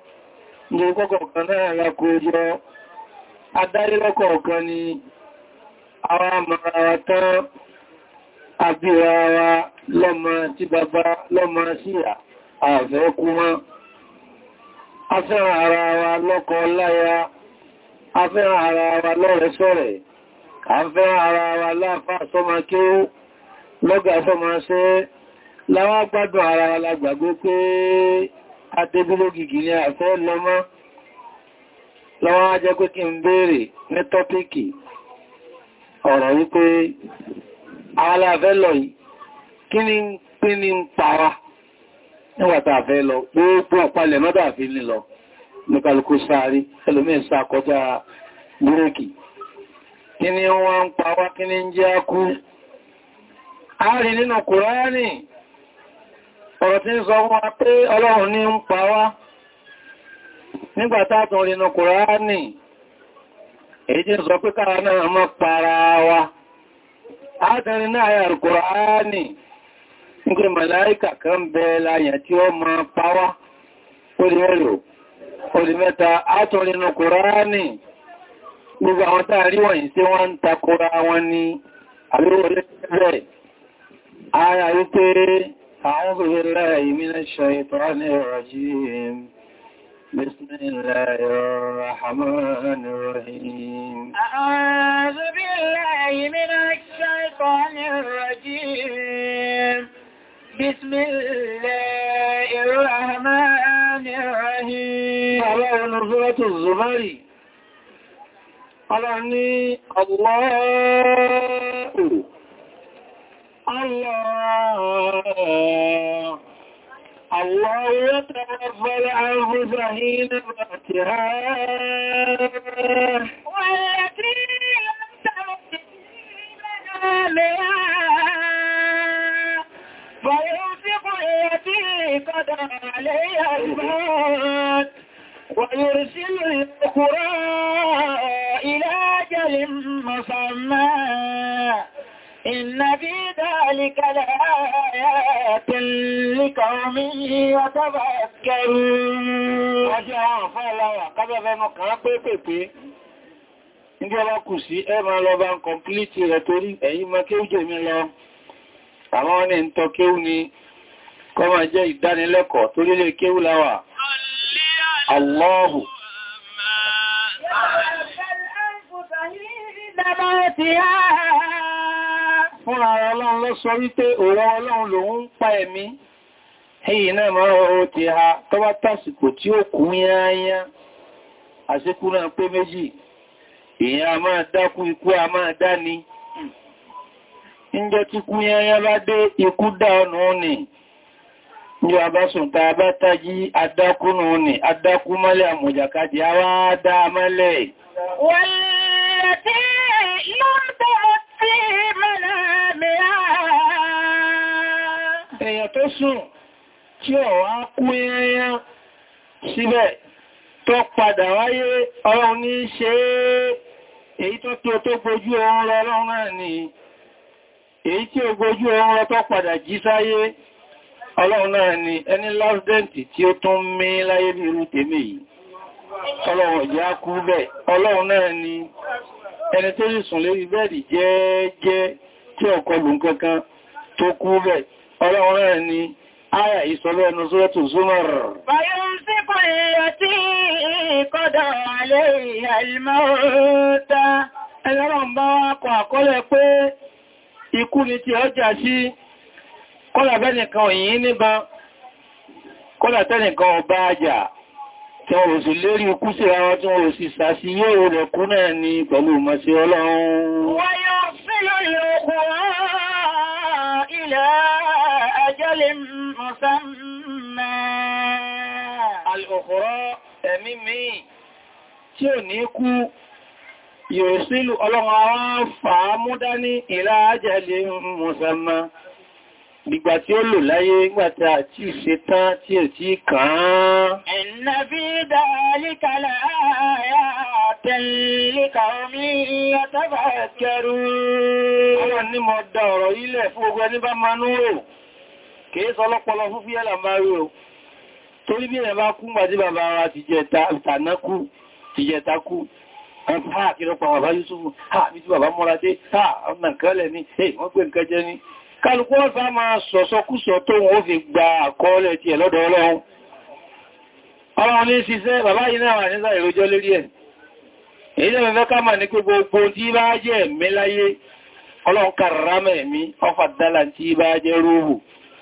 B: ní kọ́kọ̀ọ̀kan náà lákò jọ adárílọ́kọ̀ọ̀kan ni àwọn àmàrà tán àbíra wa lọ́mọ tí bàbá lọ́mọ sí àfẹ́kú mọ́ afẹ́ràn wa lọ́kọ láya afẹ́ràn ara wa lọ́rẹ̀ sọ́rẹ̀ afẹ́ràn wa láàfáà sọ́mọ kí ó lọ́gà sọ́mọ sẹ́ẹ́ láwọn gbádùn ara wa la gbàgbé pé adébúlógìgì ni àfẹ́ lọ́mọ́ láwọn ajẹ́ pé kí n béèrè ní tọ́píkì ọ̀rọ̀ wípé àwálá lọ yìí kí ni pín ní ń para níwàtà àfẹ́ lọ gbogbo ọ̀pálẹ̀ mọ́dà fi ní lọ nípàlùkù sáàrí kí ni wọ́n ń pa wá kí ni jẹ́ akú a rí nínú Kùránì ọ̀rọ̀ tí ń sọ wọ́n wá pé ọlọ́run ní ń pa wá nígbàtá tún rínú kùránì èyí tí ń sọ pé káà náà mọ́ para wa átẹrin náà yà kùránì nígbé màláíkà kan bẹ láyàn tí ó mọ́ pa wá orí ni àríwọ̀ lẹ́gbẹ̀ẹ́ أعوذ بالله من الشيطان الرجيم بسم الله الرحمن الرحيم أعوذ بالله من الشيطان الرجيم بسم الله الرحمن الرحيم على نزلة الزمري على أني الله الله الله يتغفل الأرض فهين موتها
A: والتي لم تمت
B: بنامها فيوثق التي قدر عليها الموت ويرسل الأخرى إلى جل مسمى إن في ذلك لآيات لقوم يتفكرون Ọjọ́ àwọn àfá aláwà kábẹ̀bẹ̀ mọ́ kàá pé pèpé. Ndí ọba kù sí ẹmà lọ bá ń kọ̀mplítì rẹ̀ torí ẹ̀yìn ma jẹ́ mi lọ. Àwọn wọn fún ara ọlọ́run lọ sọ wípé òun ọlọ́run lòun pa ẹ̀mí ẹ̀yìn náà mọ́ ọ̀rọ̀ ti ha tó tí ó kú yányá àṣíkú náà pé méjì èyàn a máa dákú ikú a máa dáni níjọ́ tí kú bá dé ikú dá òní bá tají adákú àtẹ̀yàn tó sùn tí ọ̀wá kú ẹ̀yàn síbẹ̀ tó padà wáyé ọlọ́run ní ṣe èyí tó tí ó tó gbójú oorun lọ ọlọ́run náà ni èyí tí ó gbójú oorun lọ tó padà jí sáyé ọlọ́run náà ni ẹni lásdẹ̀ntì tí ó tún mí láyé ní irú tèmi yìí ọlọ́run ìyá kú bẹ̀ ọlọ́run náà ni ẹni tó sì sùn lérí bẹ́ẹ̀dì jẹ́ẹ́jẹ́ tí ọkọlù kankan tó kú bẹ́ẹ̀ ọlọ́rẹ́ ni Aya ìsọ̀lọ́ ẹnu sọ́rọ̀tù Zumar.
A: Báyọ̀ ń sí
B: kò èèyàn tí ìkọ́dọ̀ alẹ́ ìhàlmọ́ta. Ẹlọ́rọ̀ ń bá wá kọ àkọlẹ̀ pé ikú ni ti kọ́lá tẹ́nìkan ọba ajá tí wọ́n rò sí lérí ikú sí ara tí wọ́n rò sí sàásí yóò rẹ̀ náà ni pẹ̀lú mọ̀ sí ọlọ́run. Wáyé مسمى الأخرى ẹ̀mí míì tí ò ní kú yòsílù ọlọ́run àwọn fàámú dání ìlà ajẹ́lẹ̀ mùsànmá gbígbà tí ó lò láyé gbàtí àti ìṣetán tí è tí kàn án ẹ̀nà bí dáríkàlá àyà omi ìyàtọ́bà kẹrù ọlọ́run mọ̀ dá ọ̀rọ̀ ilẹ̀ fún ogun ẹni bá manú rò kìí sọ ọlọ́pọlọ fún fíyẹ́là máa rí o torí bí ẹ̀bá kú gbà tí bàbá wa ti jẹta ìtànákú kú ha kìrọpàá bàbá Yusufu ha bí ha ọ̀nà kẹ́lẹ̀ ní hey wọ́n pè nǹkan jẹ́ ní kálukú wọ́n sá máa sọ̀sọ́kúsọ tó wọ́n fi gba àkọọ́lẹ̀ ti ẹ̀ lọ́dọ̀ Ọlọ́run ọlọ́run ní ṣiṣẹ́ bàbá yìí náà wà nígbà ìrójọ́ lórí ẹ̀ èyí lẹ́mẹ̀ fẹ́ ká mà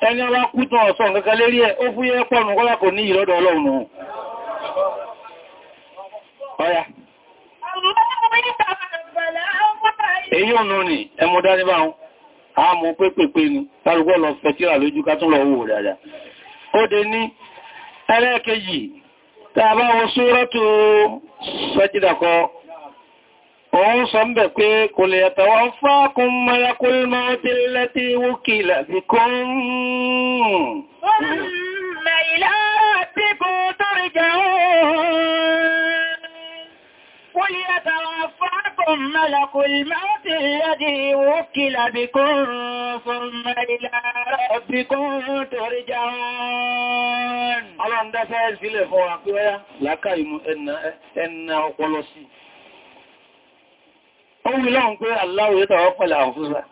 B: ẹni ọwá kú tán ọ̀sán lérí ẹ̀ ó fúyẹ́ pọ̀nù kọ́lá kò ní ìlọ́dọ̀ ọlọ́run ọ̀yá ọ̀nà ni ẹmọ dání a mọ̀ pé pèpè ni tàrùgbọ́ lọ fẹ̀tíra lójú ká tún lọ òun sọ ń bẹ̀ pé kò lè yàtàwà fákún malakul mawti allati wukila bikum Malakul mawti allati wukila bikum thumma ila rabbikum turja'un. Ọlọ́run dá fẹ́ sílẹ̀ fún wa pé wáyá, làákà ìmú ẹ̀nà ọpọlọ sí. Omi lọ́n pé aláwọ̀ yẹ́ tàwọ́ pẹ̀lẹ̀ àwọn fúnra.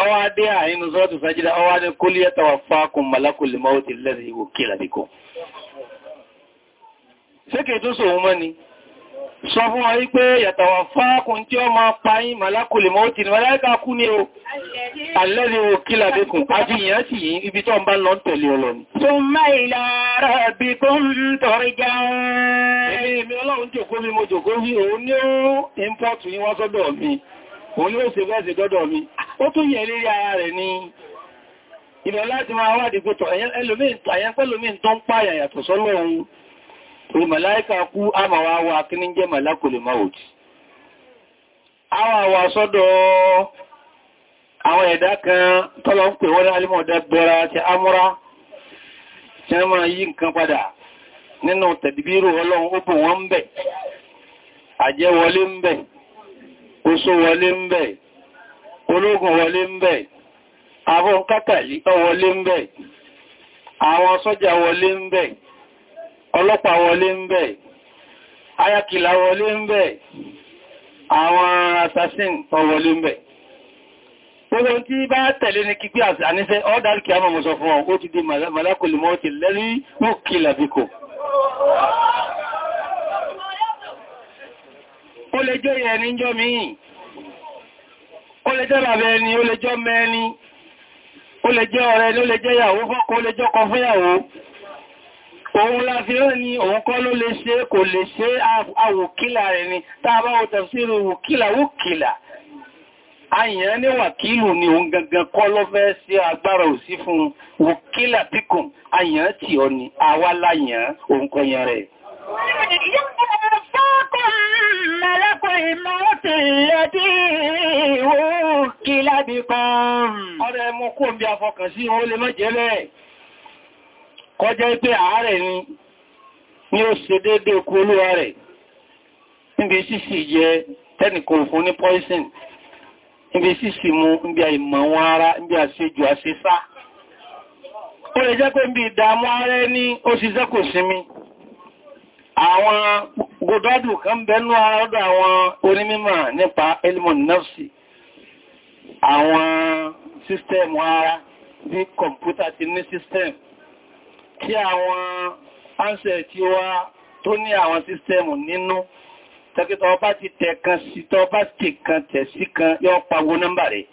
B: Ọwọ́ adé àínú sọ́tù sájídá, ọwọ́ adé kó lè tàwọ́ fákùn sọ fún wa wípé yàtàwà fákùn tí ó máa pa yín màlákùlè mọ́ tí màláìkà kú ní o
A: alẹ́rẹ̀ o kí làbíkùn
B: àti ìyàn sì yí ibi tó ń bá lọ ń tẹ̀lé ọlọ́ni Súnmọ́ ìlàrà bí kó ń tọrí já Èmi ọlọ́run jòkó mi mo jòkó rí òun ní ó ìmpọ́tù yí wá sọ́dọ̀ mi, òun ní ó ṣe bẹ́ẹ̀ sí dọ́dọ̀ mi, ó tún yẹ̀ lérí ara rẹ̀ ni ìbẹ̀ láti máa wádìí pé tọ̀ ẹlòmíì tó ń To mala'ika ku amawa wa kinin je malakul awa Awawa sodo awon eda kan tolon pe won alimo dabbara ti amura. Se ma yi nkan pada ninu tadbiru Olorun o bun won be. Aje wole nbe. Oso wole nbe. Ologun wole nbe. Awon kakali to wole nbe. Awon soja wole nbe. ọlọ́pàá wọlé ń bẹ̀ ayakìlá wọlé ń bẹ̀ àwọn assassin wọlé ń bẹ̀ gbogbo tí bá tẹ̀lé ní kí pé àníṣẹ́ ọ́dàrí kí a mọ̀ sọ fún ọ ó ti di màlákòlùmọ́ ti lẹ́rí ó kí làbíkò ó lè jẹ́ ìyẹn jọ míì ó lè jẹ́ bàbá ẹni ó lè jọ mẹ́ni ó lè jẹ́ ọ̀rẹ́ ni ó lè jẹ́ ìyàwó fọ́kọ ó lè jọ́kọ fún ìyàwó òun la fi rán ni òun kọ́ ló lè ṣe kò lè ṣe àwòkílà rẹ̀ ni tàbá o tafsiru wòkílà wòkílà àyàn ní wàkílù ni òun gangan kọ́ ló fẹ́ sí agbára òsí fún wòkílà píkùn àyàn tí ọ ni àwa òun kọ́ yẹn rẹ̀ Ọ̀rẹ́ mú kó bí afọkàn sí lè mọ́ jẹ́ bẹ́ẹ̀ kọjá pé àárẹ̀ ni ni ó ṣe dédé okú olúwa rẹ̀ níbi sísì jẹ tẹ́nìkan fún ní poison níbi sísì mú níbi àìmọ̀ wọn ara níbi àṣejù àṣesá ó lè jẹ́ pé níbi ìdààmú ààrẹ ní ó ṣiṣẹ́ kò sinmi àwọn godọ́dù kan bẹnú àádọ́ àwọn onímímọ̀ nípa elmon nafsi àwọn sístẹ̀mù ara bí kọ̀mpútà ti ní sístẹ̀mù kí àwọn ánsẹ̀ tí wá tó ní àwọn sístẹ̀mù nínú tẹ́kítọ̀ ọba ti tẹ̀kan sí tọ́ bá ti kan tẹ̀ sí kan yọ pàwó nọ́mbà rẹ̀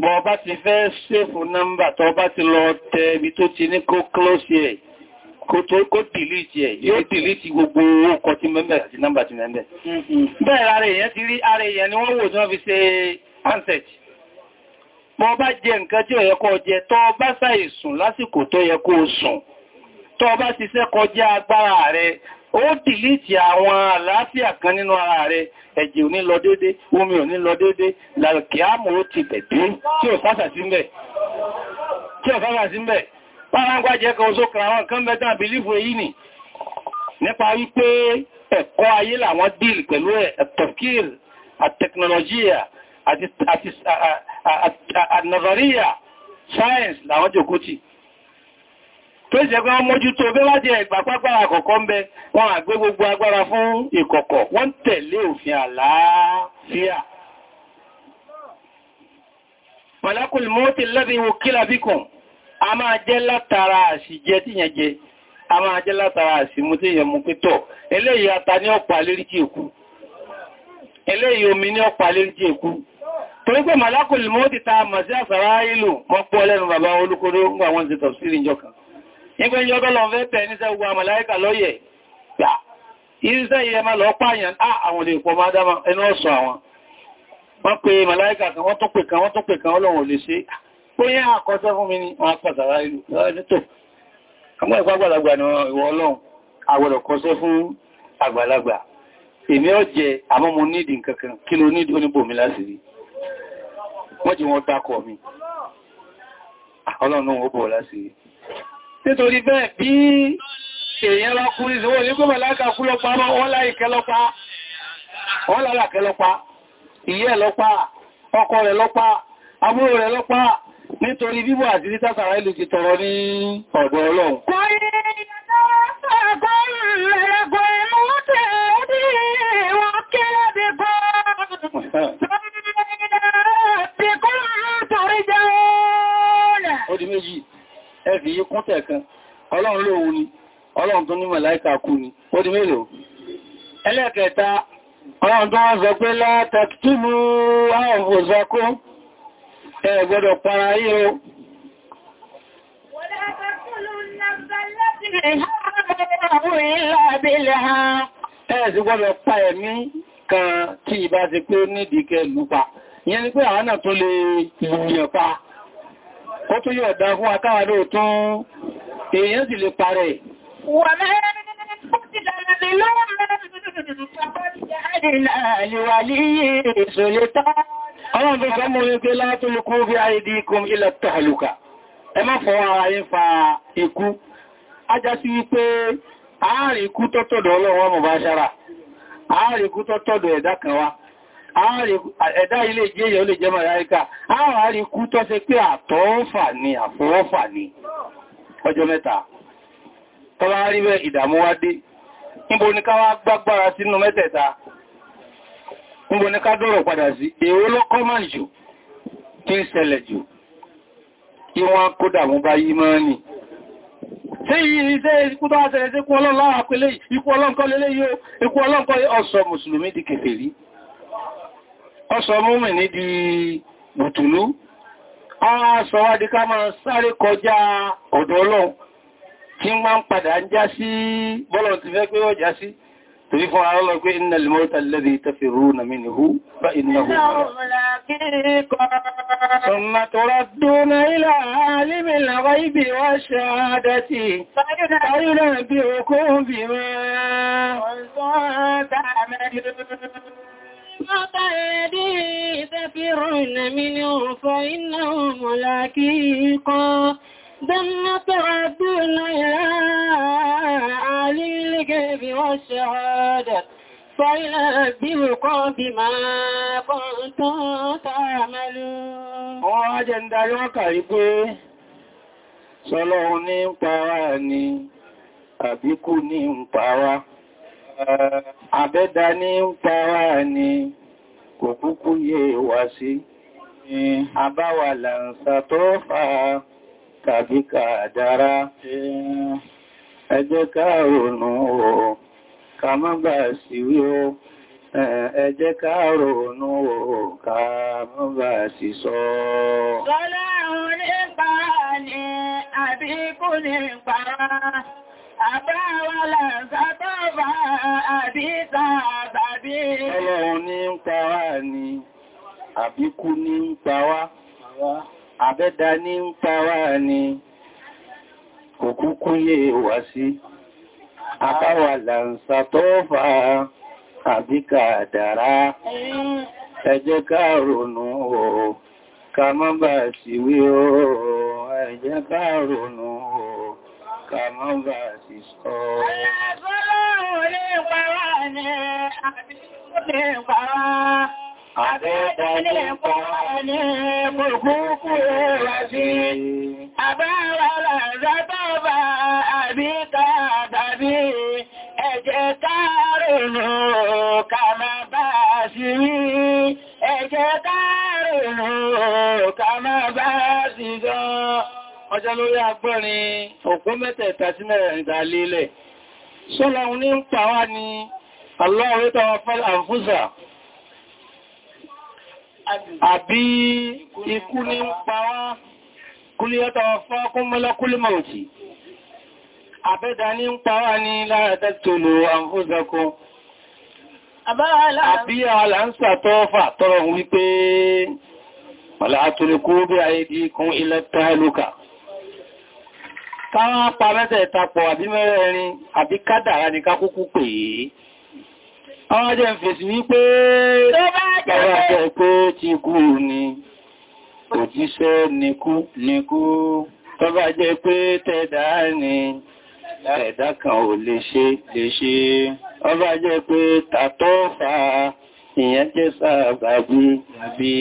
B: bọ̀ ọba ti fẹ́ sẹ́fù nọ́mbà tọ́ bá ti lọ tẹ ibi tó ti ní kó close ẹ̀ kó tó kó dìlítì ẹ̀ yóò dìlítì gbogbo ọkọ̀ tí mẹ́mẹ́ àti nọ́mbà ti mẹ́mẹ́ mm-hmm. bẹ́ẹ̀ ara èèyàn ti rí ara èèyàn ni wọ́n wò tí wọ́n fi ṣe handset bọ́ bá jẹ nǹkan tí ó yẹ kó jẹ tọ́ bá ṣàìsùn lásìkò tó yẹ kó sùn tọ bá ti kọjá agbára rẹ ó dìlítì àwọn àlàáfíà kan nínú ara rẹ ẹ̀jẹ̀ ò ní lọ dédé omi ò ní lọ déédé làkìámù ó ti bẹ̀dé tí ò fásà sí mẹ́ tí ò fásà sí mẹ́ páráńgbájẹ́ kan oṣó kan àwọn kan mẹ́ta bìlífù èyí nì nípa wípé ẹ̀kọ́ ayé làwọn àti ànàzàríyà science làwọn jòkó tì tó jẹ́ pé wọ́n mójútó bí wá jẹ́ ìgbàpápára àkọ́kọ́ ń bẹ wọ́n àgbé gbogbo agbára fún ìkọ̀kọ̀ wọ́n tẹ̀lé òfin àlàáfíà malakul mọ́tí lẹ́bí wo kílà bí kùn a máa jẹ́ látara àṣìjẹ́ tí yẹn jẹ a máa jẹ́ látara àṣìmú tí torí pé màlákùn lè mọ́ ti ta màsí àsàrá ìlú mọ́pọ̀ lẹ́nu bàbá olúkúrú nígbà wọ́n ti tọ̀sílì ìjọkan nígbà ìjọ tó lọ fẹ́ tẹ̀ níṣẹ́ gbogbo àmàláíkà lọ́yẹ̀ gbà iṣẹ́ ilẹ̀ máa lọ pààyàn àwọn olè pọ̀ máa dáma ẹnu ọ̀sọ̀ àwọn pe màláíkà kan wọ́n tó pè kan wọ́n tó pè kan ọlọ́run olè ṣe bóyá àkọsẹ́ fún mi ni wọ́n pàṣàrá ìlú nítò mo nídìí nǹkan kan kí wọ́n jí wọn dákọ̀ mi ah, ọlọ́run ó bọ̀ láti nítorí bẹ́ẹ̀ bí èèyàn lọ kú ní ìwọ̀n ní gómìnà láàkà kú lọ́pàá wọ́n láìkẹ́ lọ́pàá wọ́n lálàkẹ́ lọ́pàá ìyẹ́ lọ́pàá ọkọ rẹ̀ lọ́pàá àbúrò rẹ̀ lọ́pàá nítorí bíbò àti títàtàrà ìlú ti tọrọ
A: ربكم
B: ترجعون ó di méjì ẹ fi yí kún tẹ̀kan ọlọ́run lóhun ni ọlọ́run tó ní màláíkà kú ni ó di mélòó ẹlẹ́kẹta ọlọ́run tó wọ́n sọ pé látàkìtìmú àwọn òzakó ẹ gbọ́dọ̀ para yí o Ẹ̀sì gbọ́dọ̀ pa ẹ̀mí kan tí ìbá ti pé nídìí kẹ lùpa. ìyẹn ni pé àánà tó lè lùyàn pa ó tó yóò dá fún akáwàdó tún èèyàn sì lè parẹ̀ na mẹ́rin ní ìlànà lọ́wọ́ Ọlọ́run na sọmọ orin pé látún ló kó bí àìdí ikú ilẹ̀ tààlùkà. Ẹ má fọ́ ara yín A já sí wípé ààrì ikú tọ́tọ̀dọ̀ Ọlọ́run ọmọ bá ṣára. Ààrì ikú tọ́tọ̀dọ̀ ẹ̀dá kan wá. ẹ̀dá ilé ìjẹ́ èèyàn lè jẹ́ màláíkà àwọn àárí kú tọ́ sí pé àtọ́ọ́fà ni àfọwọ́fà ni ọjọ́ mẹ́ta tọ́lá rí bẹ́ ìdàmú wá dé níbo ní ká wá gbágbára sínú mẹ́tẹ̀ẹ̀ta níbo ní ká dọ̀rọ̀ padà sí èwo ló kọ́mọ̀ jù kí ń ṣẹlẹ̀ jù kí wọ́n kó dàmú bá yí mọ́ nì di kèfèrí ọsọ múmì ní di bùtùlú ọsọ wá ká máa sáré kọjá ọ̀dọ̀ ọlọ́run tí wọ́n ń padà ń já sí bọ́lọ̀ ti fẹ́ pé ó já sí torí fún ara ọlọ́gbé iná lèmọ́ta lẹ́dí tafirú na mínú bá iná صراط الذين تفرون منه فإنه ملاكيقا دمت ربنا إلى أهل الكيف والشهادة فينبئكم بما كنتم تعملون Ọwájẹ́ ń darí wọ́n kàrí pé Sọlọ́run ní ń pa wá ni, àbíkú ní ń pa wá. àbẹ́dá ní ń tara ni kò kúkú yé wá sí àbáwà làǹsà tó fà tàbí kàdára ẹ jẹ́ ká ronú o ká má bà sí wí o ẹjẹ́ jẹ́ ká ronú o ká má bà sí sọ Sọ́lá orí pàá ni àbíkú ní pàá.
A: Àbáwọ́lá sátọ́bà àbíta àbàbí.
B: Ọlọ́run ní ń pa wá ni, àbíkú ní ń pa wá, àbẹ́dá ní ń pa wá ni, kò kúkú yé wá àbíkà dára. Ẹ jẹ́ ká ronú ká má bàá sí wí o, ẹ jẹ́ ká ronú ká máa ń bá ti sọ. Àbẹ́ta ní pàwà ní kòkúkú ẹwà sí,
A: àbára làzátọ́bà àbíkà tàbí
B: ẹ̀jẹ̀ káàrẹ̀ lọ kàmà bá sí rí. kọjá lórí agbẹ́rin òpó mẹ́tẹ̀ẹ̀ta sí mẹ́rin ìdálélẹ̀ ṣọ́lá ní ń pa wá ní
A: aláwọ̀ tàwà
B: fẹ́l àǹfúsà àbí ikú ní ń pa wá kúlíyà tàwà fún akúnmọ́lá kúlímọ̀ọ̀tì àbẹ́dà ní ń pa wá tọ́rọ̀ wípé wàlá àtúrikú bí àìdí kún ilẹ̀ tàálùkà káwọn pa mẹ́tẹ̀ ìtapọ̀ àbí mẹ́rẹ̀ẹ̀rin àbí kádàrá ní kákúkú pè é àwọn jẹ́ fèsì wípé ẹgbẹ́ pé ti kú ni òjíṣẹ́ nikú nikú tó jẹ́ pé tẹ́dà ni ẹ̀dá kan ò lè ṣe lè ṣe ó jẹ́ pé tàtọ́fà ìyẹn jẹ́ sáàbàbí àbí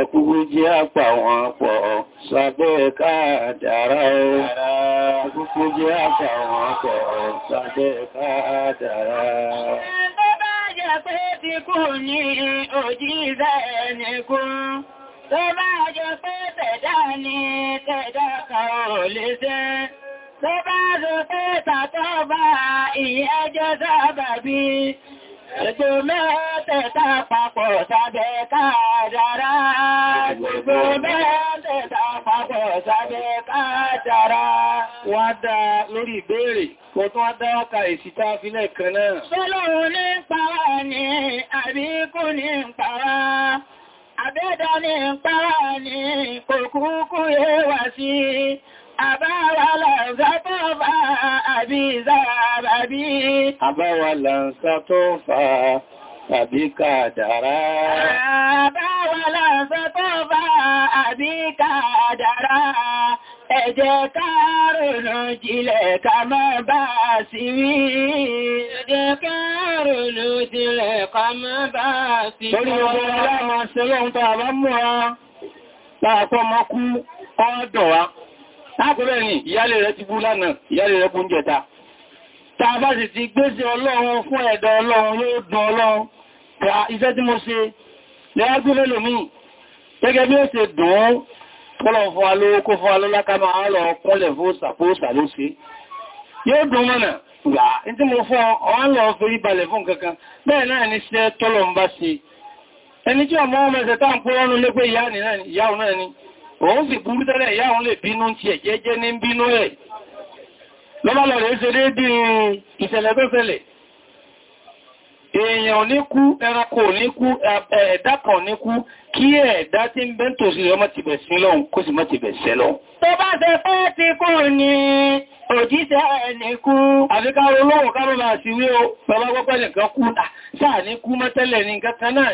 B: ẹkúrú jẹ́ àpà wọn pọ̀ sábẹ́ káàdàrá o ẹkúrú jẹ́ àpà wọn pọ̀ sábẹ́ káàdàrá Tó bá jọ pé tẹ̀dá ni tẹ̀dá kan ò lè ṣe. Tó bá jọ pé tàtọ́ bá ìyẹn jẹ́ sábàbí Ètò mẹ́tẹ̀ẹ̀ta papọ̀ sábẹ́ kádàrá. Ètò mẹ́tẹ̀ẹ̀ta papọ̀ sábẹ́ kádàrá. Wọ́n á dá lórí ìbéèrè, kò tún á dá ọkà ìsìta fílẹ̀ kan náà. Sọ́lọ́run ní ń pàwà ní àbíkú ní ń pàwà. Àbẹ́dá ní ń pàwà ní kòkúkú yé sí. Àbáwàlànsá tó fà fa zàbàbí. Àbáwàlànsá tó fà àbí kàdàrá. Àbáwàlànsá tó fà àbí kàdàrá. Ẹ jẹ́ ká rònú jinlẹ̀ ká má bá sí wí. Ẹ jẹ́ ká rònú jinlẹ̀ ká má bá sí wí. Torí ọmọ ọlọ́mọ ṣe lóhun Àkùnrin ni ìyálé rẹ̀ ti bú lánàá, ìyálé rẹ̀ bú ń jẹta. Ta bá sì ti gbéṣẹ́ Ọlọ́run fún ẹ̀dà Ọlọ́run yóò dùn Ọlọ́run. Iṣẹ́ tí mo ṣe lẹ́gbẹ́ lómi, gẹ́gẹ́ bí ó ṣe dùn ún, kọ́lọ̀ fún alówó kó fún alọ́láká máa lọ kọ́lẹ̀ fóòsà ló ṣe. Yóò dùn mọ́nà, gbà, ní tí mo fún ọ̀hán lọ forí Ẹni tí ọmọ ọmọ ẹ̀sẹ̀ táà kó rọ́nu lé pé ìyá nìyá náà ni, òun sì burú tẹ́lẹ̀ ìyá òun lè bínú ti ẹ̀ jẹ́jẹ́ ní bínú ẹ̀ lọ́lọ́lọ́ rẹ̀ ṣe dédé ìṣẹ̀lẹ̀ tó ṣẹlẹ̀ èèyàn ní ẹranko ní kú kan ní kí ẹ̀dá tí ń bẹ́ntò sí ọmọ ti bẹ̀ sí lọ́hun kó sì mọ́ ti bẹ̀ sẹ́ lọ́hun tó o bàbá gbọ́gbẹ́ nìkan kú sáà ní kú mọ́tẹ́lẹ̀ ní nǹkan kan náà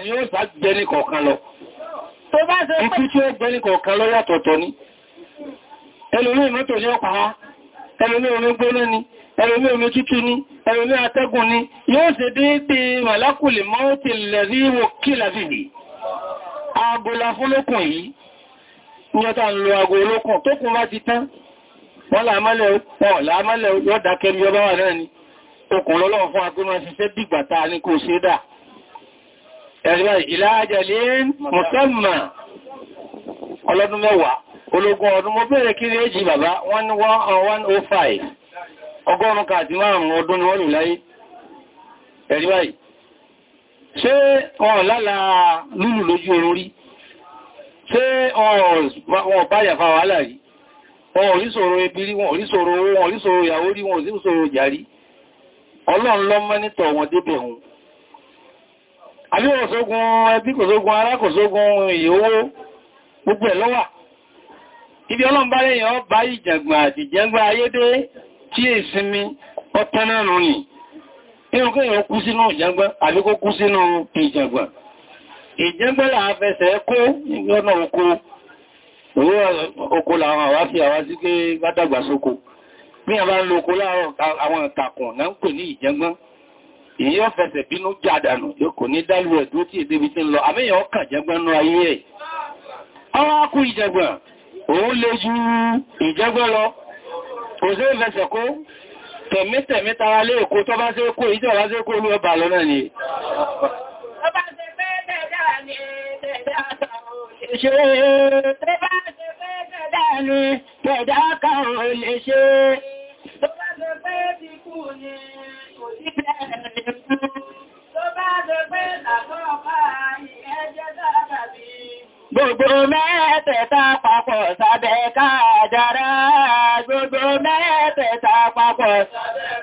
B: tó bá ṣe pé tí ó gbẹ́ni kọ̀ọ̀kan ló yàtọ̀tọ̀ ni ẹlòmí mọ́tò ní ọpa ẹlòmí omi gbóná ni ẹlòmí omi tútù ni ẹlòmí atẹ́gùn ni yóò ṣe déédé màlákùlì mọ́tì lẹ́rí wò kí làfihì agola fún lókùn yìí ní ọta ń lo ago olókùn tó kún náà ni okùn lọ́lọ́wọ́ fún agbóná ṣiṣẹ́ dìgbàta ní kò ṣe dáa ẹ̀rẹ́ ìlàájẹ̀lẹ́ mùsẹ́mà ọlọ́dún mẹ́wàá ológun ọdún mo bèèrè kí ní èjì bàbá 105 ọgọ́rùn kàtí márùn-ún ọdún ni wọ́n lù láyé ẹ̀rí báyìí ṣé wọn lálà lúlù lójú orun rí ṣé wọn báyà fa wàhálà rí wọn oríṣòro ebi rí wọn oríṣòro owó wọn oríṣòro ìyàwó rí wọn oríṣòro ìjà rí ọlọ́run lọ́mọ́ nítọ̀ wọn débẹ̀ hun àbí wọ́n sógun ẹbí kò sógun ará kò sógun ìyówó gbogbo ẹ̀ lọ́wà ibi ọlọ́mbá lẹ́yìn ọba ìjàngbà àti ìjàngbà ayédé tí èsinmi ọtánánù nì inú kí èyàn kú sínú ìjàngbà àbí kó kú sínú ìjàngbà ìjàngbà láàfẹsẹ̀ kó ìgbọ́nà oko oko làwọn àwáfí àwá sí pé bá dàgbà sóko bí a bá àwọn ìtàkùn náà ń pè ní ìjàngbà èyí ó fẹsẹ̀ bínú jádànù yóò kò ní dálú ẹ̀ tó tí ìdíbi tí ń lọ àmìyàn ọkàn jẹgbẹ́nú ayé ẹ̀ ọwọ́ kú ìjẹgbẹ̀n òun lè ju ìjẹgbẹ́ lọ òṣè fẹsẹ̀ kó tẹ̀mítẹ̀mí tara lé èkó tó bá ṣe fẹ́ tẹ̀dá Tó bá jẹ pé ti kú ni Gbogbo Gbogbo papọ̀ sábẹ́ Gbogbo mẹ́tẹ̀ẹ̀ta papọ̀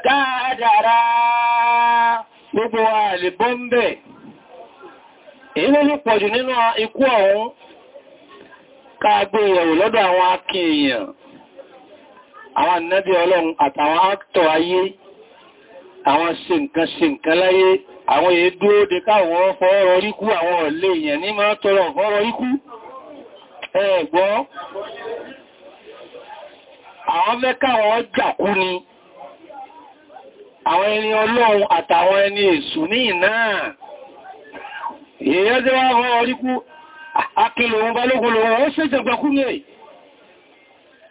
B: káàdàrá. Gbogbo wa ló pọ̀jù nínú ikú ọ̀hún. lọ́dọ̀ àwọn àwọn annabi ọlọ́run àtàwọn áktọ̀ ayé àwọn ṣe nǹkan ṣe nǹkan láyé àwọn èé dúró de káwọn fọ́ọ̀rọ̀ ríkú àwọn ọ̀lẹ́ èèyàn ní máa tọrọ fọ́ọ̀rọ̀ ríkú ẹ̀gbọ́ àwọn fẹ́ káwọn jàkú ni àwọn ẹni ọlọ́run àtàwọn ẹni èṣù ní ìnáà èèyàn jẹ́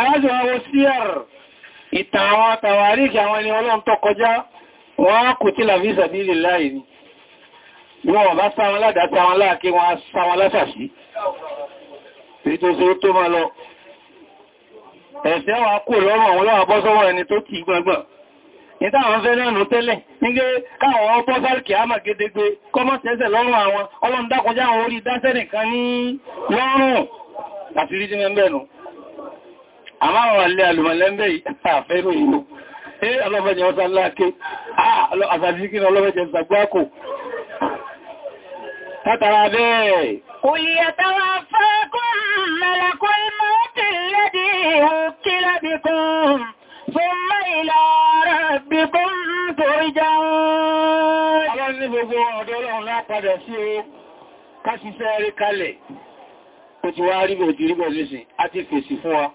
B: alájọ àwọn síyàr ìtàn àwọn àtàwàríkì àwọn ẹni ọlọ́run tó kọjá wọ́n kò tí làfí ìsàbílì láì ni wọ́n bá sáwọn ládàtà wọn láàkí wọn sáwọn lásàsí èyí tó ṣe tó máa lọ ẹ̀ṣẹ́ wà kò lọ́rùn àwọn lọ́wọ́ bọ́ sọ́wọ́ ẹni tó kìí gbọ́gbọ́ ní táwọn fẹ́ lẹ́nu tẹ́lẹ̀ nígbé káwọn ọpọ́ sálìkì àmà gédégbé kọmọ́sẹ̀ẹ́sẹ̀ lọ́rùn àmáwọn alẹ́ alùmọ̀lẹ́m̀bẹ̀ àfẹ́rò ìlú eh ọlọ́fẹ́jẹ́ ọta láàké tátàrà bẹ́ẹ̀
A: kùlìyàtàwà fẹ́kùn
B: mẹ́lẹ̀kọ́ imọ́ tìlẹ́dì ìhùkílẹ́bìkùn Súnmọ́ ìlà rẹ̀ bí kó ń torí jẹun. Ọlọ́run ní gbogbo ọ̀dọ́ lápadà sí o, ká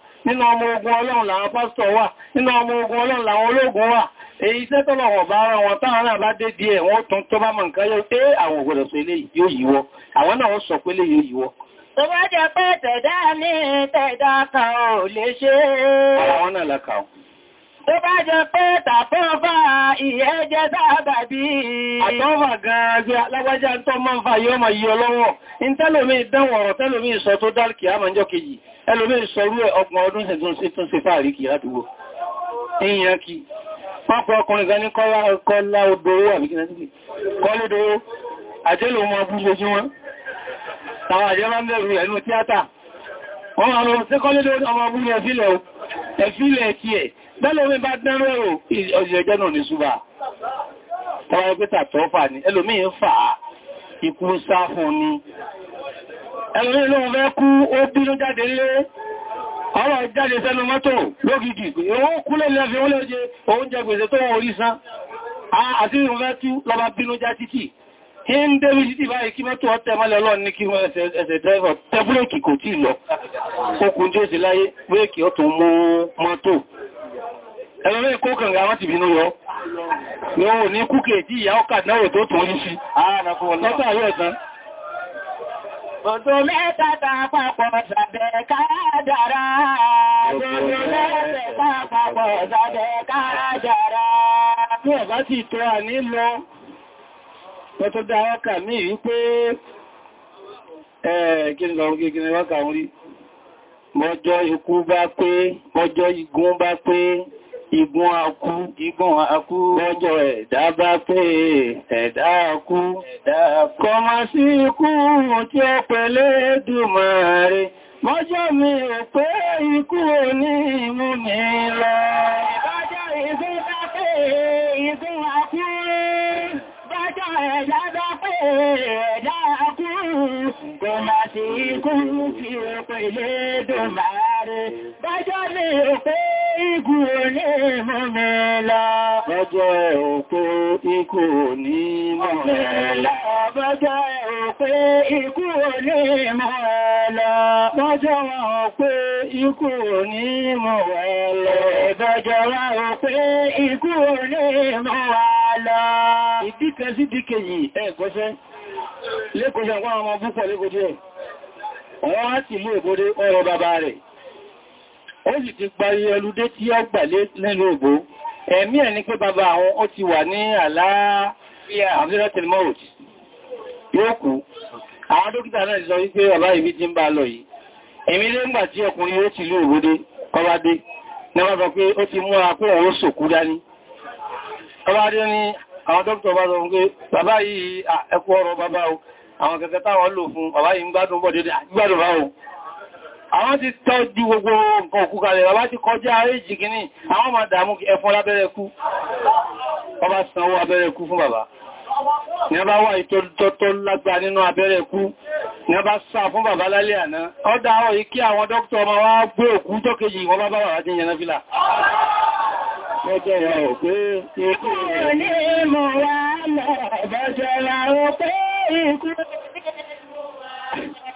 B: nínú ọmọ ogun ọlọ́run làwọn pásítọ̀ wà nínú ọmọ ogun ọlọ́run làwọn ológun wà èyí iṣẹ́ tọ́lọ̀wọ̀n bá ara wọn táwọn náà bá dé di ẹ̀ wọ́n tún tó bá mọ̀ nǹkan yóò pé àwọn ògbọ̀dọ̀ sọ ilé yóò yíwọ́ àwọn náà sọ pé lè yóò yíwọ́ tó bá jẹ́ pé tẹ̀dá ní tẹ̀dá kan ò lè ṣe àwọn náà lákàá Tó bá jẹ pé tàfẹ́fà ìyẹ́ jẹ́ sáàbàbí. Àtọ́fà gan-an gbé alágbájá tó máa ń fa yóò máa yí ọlọ́wọ́. In tẹ́lòmí dánwò ọ̀rọ̀ tẹ́lòmí tó dálkì á máa jọ kejì. Ẹlòmí sọ rú ẹ̀ ọgbọ̀n ọdún sẹ̀tún sí tún ẹ̀fílẹ̀ ẹ̀fílẹ̀ tiẹ̀ bẹ́lẹ̀mí bá dẹ́rọ ẹ̀rọ ọjọ́ náà ní ṣúbà ọwọ́ ẹgbẹ́ta tó fà ní ẹlòmí ń fà á ikú sáfún ni ẹlòmí lóun fẹ́ kú ó bínú jáde lé ọwọ́ jáde sẹ́nu mọ́tò lógìdì òun kú lẹ́lẹ́ fi tí ń débi sí báyìí kí mọ́tò ọ̀tẹ̀ mọ́lẹ̀ lọ ní kí wọ́n ẹsẹ̀ driver tẹ́búrẹ́kì kò tí lọ okùn tí ó láyé búrẹ́kì ọ̀tún mú mọ́tò
A: ẹ̀rọ̀rẹ́ kó wọ́n ti bínú yọ lọ́wọ́ ní kúkè
B: tí ìyá ọkà náà tó tún yí sí látàrí ọ̀sán papọ̀ ti tọ́ ní lọ, wọ́n tó dá wákà ní ìrí pé ẹ̀ẹ̀kín lọ́rún gígíní wákà ń rí mọ́jọ́ ikú bá pé mọ́jọ́ igun bá pé igun akú igun akú mọ́jọ́ ẹ̀dá bá pé ẹ̀dá akú kọmọ sí ikú tí ó pẹ̀lẹ́ dùmọ̀ mọ́jọ́ mi ò pé ikú ní ìmú mi lọ
A: ìbájá ìgbé bá pé
B: ẹ̀dá bá pé ẹ̀dá kú, kò máa sí ikú fi pẹ̀lẹ́ máa sáré bájọ́ ní òpó ikú ní mọ́mẹ́lá bájọ́ òpó ikú ní mọ́mẹ́lá bájọ́ òpó ikú ní mọ́mẹ́lá bájọ́ òpó ikú ní mọ́mẹ́lá bájọ́ òpó ikú ní mọ́mẹ́lá ìdíkẹ́ sí díkẹ́ yìí ẹ̀kọ́ṣẹ́ lẹ́kọ̀ọ́ ó sì ti parí ẹlúdé tí ó gbà lẹ́nu ògbó ẹ̀mí ẹ̀ ní pé bàbá àwọn ó ti wà ní àlàáfíà àmìlẹ́tẹ̀ mọ́rùt yóò kú àwọn dókítà náà sọ wípé bàbá ìbí ti ń bá lọ yìí èmi lé ńgbà tí ọkùnrin ó ti lú òwúdé kọbádé ní wọ́n sọ pé ó ti àwọn dókítà bá sọ pé bàbá yìí ẹkú ọ̀rọ̀ bàbá o àwọn kẹ̀kẹ́ táwọn lò fún bàbá yìí ń gbádùn bọ̀ dédé àgbádùn báwọn àwọn ti tọ́jú gbogbo nǹkan òkú kalẹ̀ ti kọjá àríjì kìíní àwọn máa dàmú ẹfún lábẹ́rẹ́ ọba sanwó abẹ́rẹ́ fún bàbá ní ọba wà ìtọ́tọ́ lágbà nínú abẹ́rẹ́ kú ní ọba sá fún bàbá lálẹ́ àná ọ dáwọ̀ yìí kí àwọn dókítà ọmọ wá gbé òkú tó kejì ìwọ́n bá bàbá ti yẹn náfìlà Ọjọ́ ìwà ò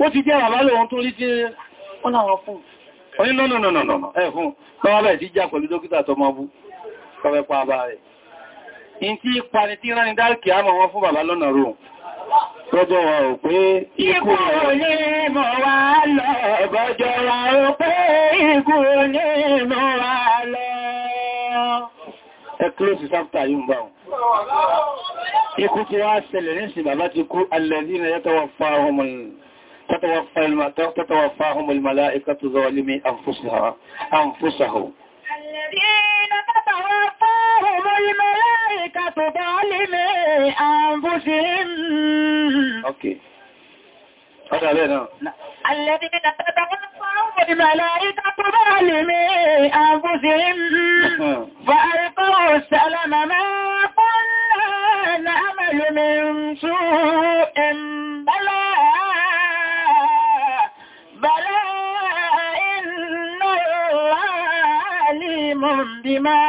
B: ó ti jẹ́ àbálò ohun tó rí tí ó láwọn fún oní nọ́nà ẹ̀fún lọ́wọ́ bẹ̀ sí jà pẹ̀lú dókítà tó mọ́ bú kọfẹ́ pa bá rẹ̀ in tí pani tí rán ní dárkì á mọ̀ wọn fún bàbá lọ́nà rò rọ́jọ́ wa ò pé ikú ní
A: mọ̀ wá lọ rọ́jọ́ wa ò pé ikú ní mọ̀ wá
B: lọ ẹ close sáfta yìí ń bá wọn ikú tí wá ṣẹlẹ̀ ní sí bàbá ti kú alẹ́dínà yàtọ̀wọ̀ fáwọn mọ̀lẹ̀ تتوفى تتوفاهم الملائكة ظالمي أنفسها أنفسهم
A: الذين تتوفاهم الملائكة ظالمي أنفسهم
B: أوكي هذا علينا الذين تتوفاهم الملائكة ظالمي أنفسهم فألقوا السلام ما
A: كنا نعمل من سوء بلاء بلى إن الله
B: عليم بما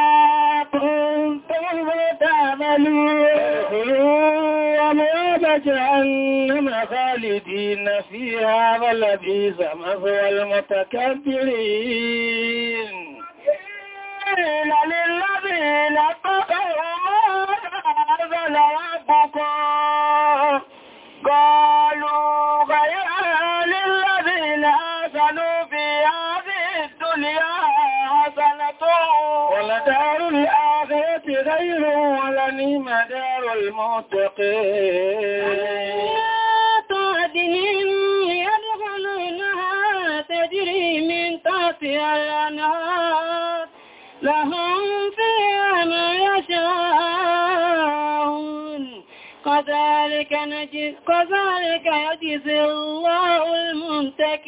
B: كنتم تعملون وما جهنم خالدين فيها ولبيس مثوى المتكبرين قيل للذين اتقوا ماذا ربكم قالوا مدار الآخرة غير ولني مدار المتقين عدن
A: يدخلونها تجري من تحتها الأنهار لهم فيها ما يشاءون كذلك نجز كذلك يجزي الله المتقين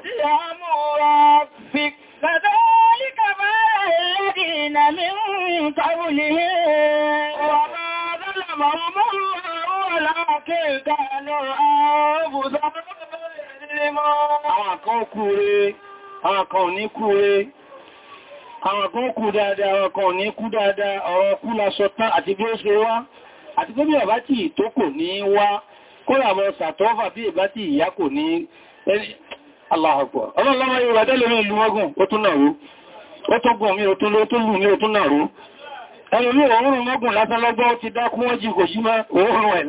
B: ìdáná Àwọn kan kú kan dáadáa, àwọn kan ní kú dáadáa, ọ̀rọ̀ kú lásọ tán àti bí ó ṣe wá, àti tó bí ọ̀bá tí tó kò ní wá, kó ràmọ́ sàtọ́fà bí ìbá tí ìyá kò ní aláhàpọ̀. Ọlọ́lọ́mọ yóò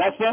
B: rẹ̀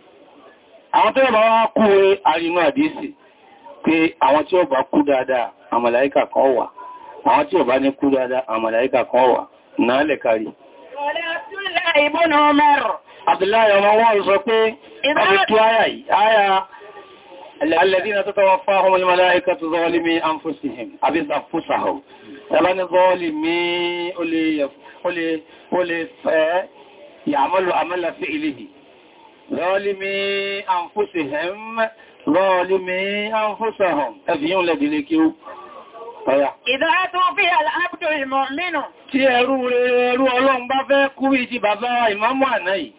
B: àwọn tó yẹ bá wá kú orí arínú àdísì pé àwọn tí ó bá kú dáadáa àmàlàíkà kan wà àwọn tí ó bá ní kú dáadáa àmàlàíkà kan wà náà lẹ́kàrí Abdullahi ọmọ wọn sọ pé ọdún àyà yìí, àyà alladhina tatawaffahum ظالمي أنفسهم ظالمي أنفسهم أبيون لدينك Ìdá ẹ́tún bí al'abdù ìmọ̀mínú. Tí ẹrú ẹrú ọlọ́run bá fẹ́ kú bí ti bàbá ìmámù àná yìí.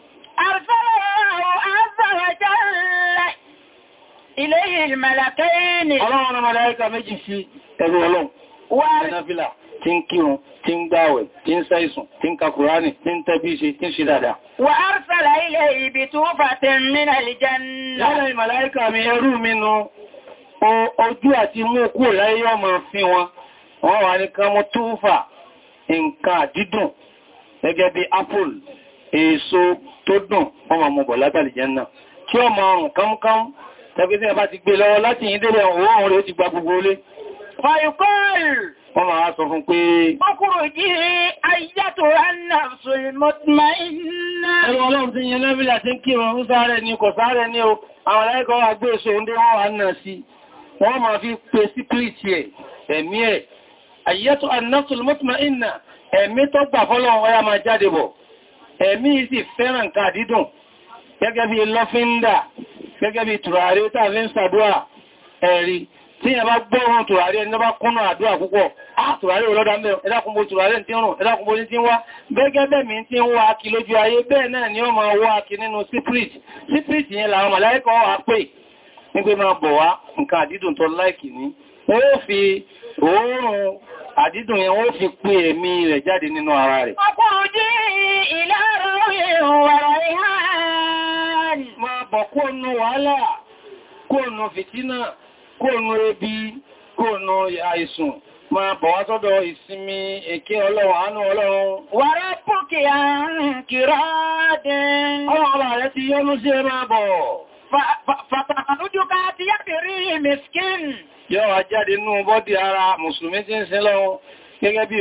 B: Àrùsọ́rọ̀ àzọ̀rọ̀jọ́ ilé ìmọ̀lẹ̀kẹ́ ní. Ọlọ́run mọ̀lẹ́ríkà méjì sí ẹrú ọlọ́run wárí tí ń kírun tí ń gbáwẹ̀ tí ń ṣàìsùn tí ń ka Kùránì tí ń tẹ́bí ṣe tí ń ṣe dáadáa. wà á sàlá ilẹ̀ ibi tó bá tẹ́ mìíràn lè jẹ́ náà ìmàláíkà mi ẹrú mi nu ojú àti mú kú láyé ọmọ fi wọn wọ́n wà ní kan mú túfà nǹkan àdídùn Wọ́n máa sọ fún pé, Ọkùnrò jí ayyátò annàfsù ìmọ̀tíma iná. Ẹgbẹ́ ọlọ́run ti yẹn lẹ́bílà tí ń kí wọn ń sáré ní kò sáré ní o, àwọn ẹgbẹ́ àgbé èso ndé wọ́n wà náà sí. Wọ́n máa fi pè sí pìlìtì ẹ̀mí ẹ̀ tí yẹn bá gbọ́rún tùràrí ẹni bá kúnnà àdúrà púpọ̀ tùràrí olódá mẹ́ ẹ̀dàkùnbó tùràrí tí ń rùn ẹ̀dàkùnbó tí ń wá gẹ́gẹ́ bẹ́mi tí ń wá kí lójú ayé bẹ́ẹ̀ náà ni ó máa bọ̀ wá nínú ara rẹ̀ bọ̀ kó nù wàhálà, kó nù fìtínà, kóònù ebi kóònù àìsùn máa bọ̀ wá sọ́dọ̀ ìsinmi èké ọlọ́run àánú ọlọ́run wàrá pòkè àárín kìrọ́dín ọlọ́run rẹ̀ ti yọ́nú sí ẹmà bọ̀ fàtàkàlójúká ti yàtìrí miskin yọ́ àjáde nú ara mùsùlùmí tí ń sin lọ́run gẹ́gẹ́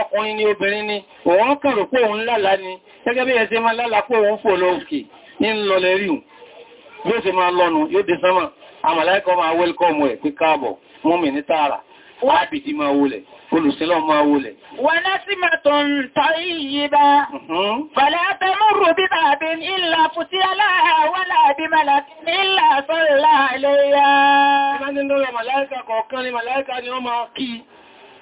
B: ọkùnrin ni obìnrin ni òun kàrò pé òun lálàá ni gẹ́gẹ́ bí ẹ̀ṣẹ́ máa lálàá pé òun fò lọ ní lọlẹ̀ ríun ṣe máa lọ́nu yóò dé sánmà àmàláìkọ́ máa wẹ́lkọ́mù ẹ̀ pé mọ́mì ní tààrà ábìdí máa wọlẹ̀ olùsílọ́ máa wọlẹ̀. wọ́n ná sí máa tó ń tọ́ yìí bá fàlẹ́ àtẹ́mọ́rù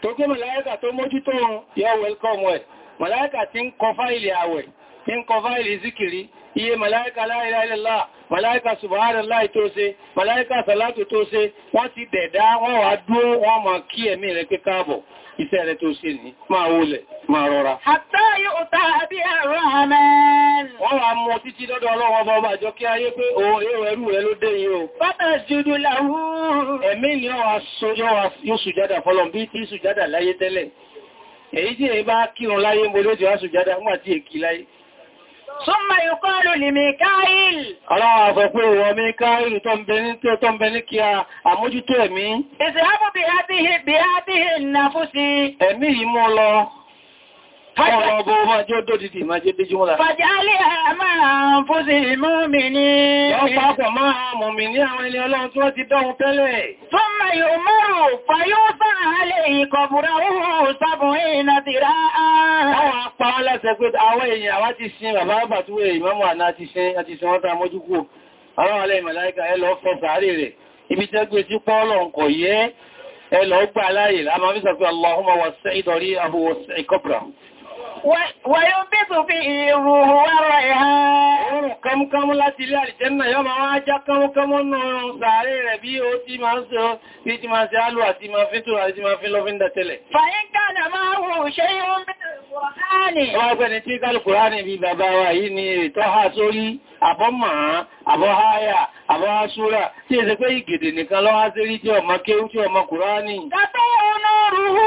B: tó gbé màláíkà tó mójútó yọ welcome well màláíkà tí ń kọ fáìlì àwẹ̀ tí ń iye màláíkà la ilaha illallah màláíkà subhanallah tó salatu tó ṣe wọ́n ti dẹ̀dá wọ́n iṣẹ́ rẹ̀ tó ṣe ní máa wólẹ̀ máa rọra. Àtá yóò ta àbí ẹ̀rọ Wọ́n wà mọ́ títí lọ́dọ̀ ọlọ́wọ́ bá jọ kí ayé pé o oh, èrò ẹrù rẹ̀ ló dé yìí o. Bátà jùlọ làwú. Ẹ̀mí ni yóò sùjádà fọlọ́n bí tí sùjádà láyé tẹ́lẹ̀. Èyí tí èyí bá kírun láyé mo lójú wá sùjádà, wọ́n àti èkì láyé. Súnmà yùkọ́lù lè Mikael. Aláwọ̀ àfẹ́ pé ìwọ Mikael tó ń bẹ ní tí ó tó ń bẹ ní kí a àmójútó ẹ̀mí. Ìsìlámù bí á bí Ọmọ ọgbọ̀ ọmọ jẹ́ ó dòdìdì máa jẹ́ déjú mọ́lá. Fàjálẹ̀ àmàràn fún sí ìmọ́ mi ní. Ọpapọ̀ máa mọ̀ mi ní àwọn ilé ọlọ́run tí wọ́n ti dọ́run tẹ́lẹ̀. Fọ́nmà yóò mọ́rù fàyọ́ sáàálẹ̀ ìkọ̀bùra oòrùn sábùn ìrìnà ti rá ààrùn. Àwọn apá aláṣẹ pé àwọn èèyàn àwá ti sin bàbá bàtúwé ìmọ́mù àná ti sin àti sin wọ́n ta mọ́júkú. Àwọn alẹ́ ìmọ̀láíkà ẹ lọ fọ́ sàárè rẹ̀. Ibi Wàyó bèbò fi ìrù wárọ̀ ẹ̀há. Oòrùn kamkamu láti ilé àlìjẹ́nà yọ máa wá já kamkamu náà sàárè rẹ̀ bí ó ti máa ń sọ bí ti máa ṣe álù àti máa fi tó àti máa fi lọ́fíndà tẹ́lẹ̀. Fàyíkàdà máa wù ṣe yóò mẹ́rin àwọn aṣúra tí èsẹ pé ìgèdè nìkan lọ́wọ́ sí rí tí ọmọ kéwú tí ọmọ Kùránì.
A: Gàtọ́ ọ̀nà rúrú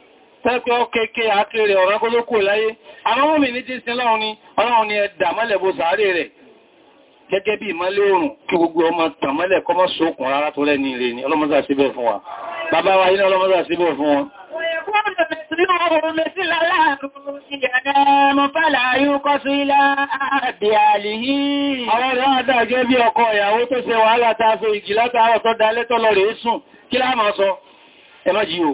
B: tẹ́gbẹ́ ọkẹ́kẹ́ àkẹrẹ ọ̀rọ̀ gbọ́lókò láyé àwọn mọ́mí ní tí sin láwọn ni ọlọ́run ni ẹ̀dà mọ́lẹ̀bó sàárè rẹ̀ gẹ́gẹ́ bí ìmọ́lẹ̀ oòrùn kí gbogbo ọmọ tàn kọmọ́ sókùn rárá tó lẹ́ni rẹ̀ ni ọlọ́mọ́sà síbẹ̀ fún wa bàbá wa iná ọlọ́mọ́sà síbẹ̀ fún wọn Àwọn jí o.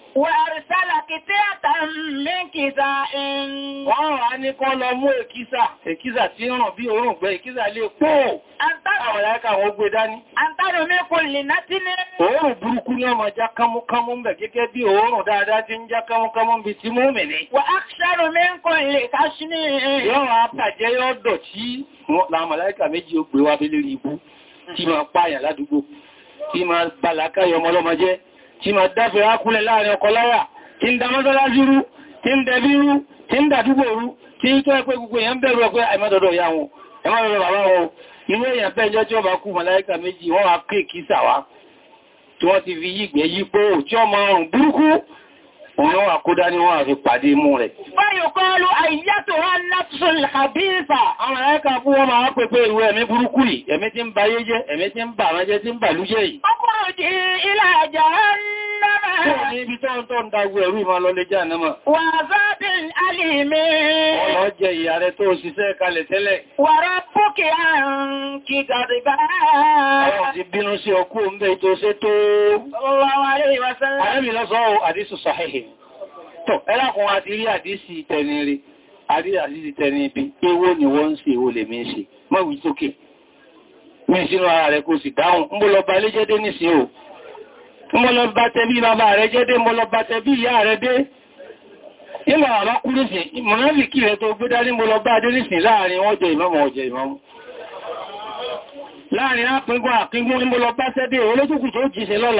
B: Wàrísálà kìtí àtà mí kìtà in. Wọ́n rà ní kọ́ lọ mú èkísà, èkísà tí ń ràn bí òórùn gbẹ, èkísà lè pò. Àwọn ẹ̀ka àwọn ogbé dání. Àntánù mi kò lè náti ní. Òórùn burúkú ní ọmọ já kámúkámú ń bẹ̀ gẹ́gẹ́ bí òórùn dáadáa ti ń já kámúkámú bí ti mú mẹ̀ ní. Wà á ṣàrò mi ń kọ ilé káṣí tí ma dáfẹ́ ákúnlẹ̀ láàrin ọkọ láyà tí ń da mọ́sálásí rú tí ń dẹbí rú tí ń dàdúgbò rú tí ń tọ́ ẹgbẹ́ gbogbo èèyàn bẹ̀rù ọgbẹ́ àìmọ́dọ̀dọ̀ ìyá wọn ẹmọ́dọ̀dọ̀ bàbá wọn inú èèyàn fẹ́jọ́ tí ó bá òun wà kó dání wọ́n àfi pàdé mú rẹ̀. báyò kọ́ ló àìyàtò wọn látún àbífà. àwọn ẹ̀ẹ́kà fún wọn máa pẹ̀pẹ̀ ìwé ẹ̀mí burúkú yìí ń ba ayé jẹ́ ẹ̀mí tí ń bà rán jẹ́ tí ń bà lújẹ́ Wàrá bókè àrùn kí gàdìbá. Àwọn ti bínú sí ọkú ń bẹ́ tó ṣe tó. Ọlọ́wà rí ìwàsán. Àrẹ́mì lọ́sọ́ àdísù sàáhì tọ̀ ẹlákùn àti rí àdísì tẹni rí àrí àdísì tẹni ibi ewó ni wọ́n ń ṣe èwo lè mí ṣe mọ́wí sókè mí sínú ara rẹ̀ kò sì dáhùn ń bó lọ bá o ń bó lọ bá tẹbí bàbá rẹ̀ jẹ́dé ń bó lọ bá tẹbí ìyá rẹ̀ dé ìlà àbá kúrò sí mọ̀nàlì kí rẹ̀ tó gbé dání mo lọ bá dé nìsí láàrin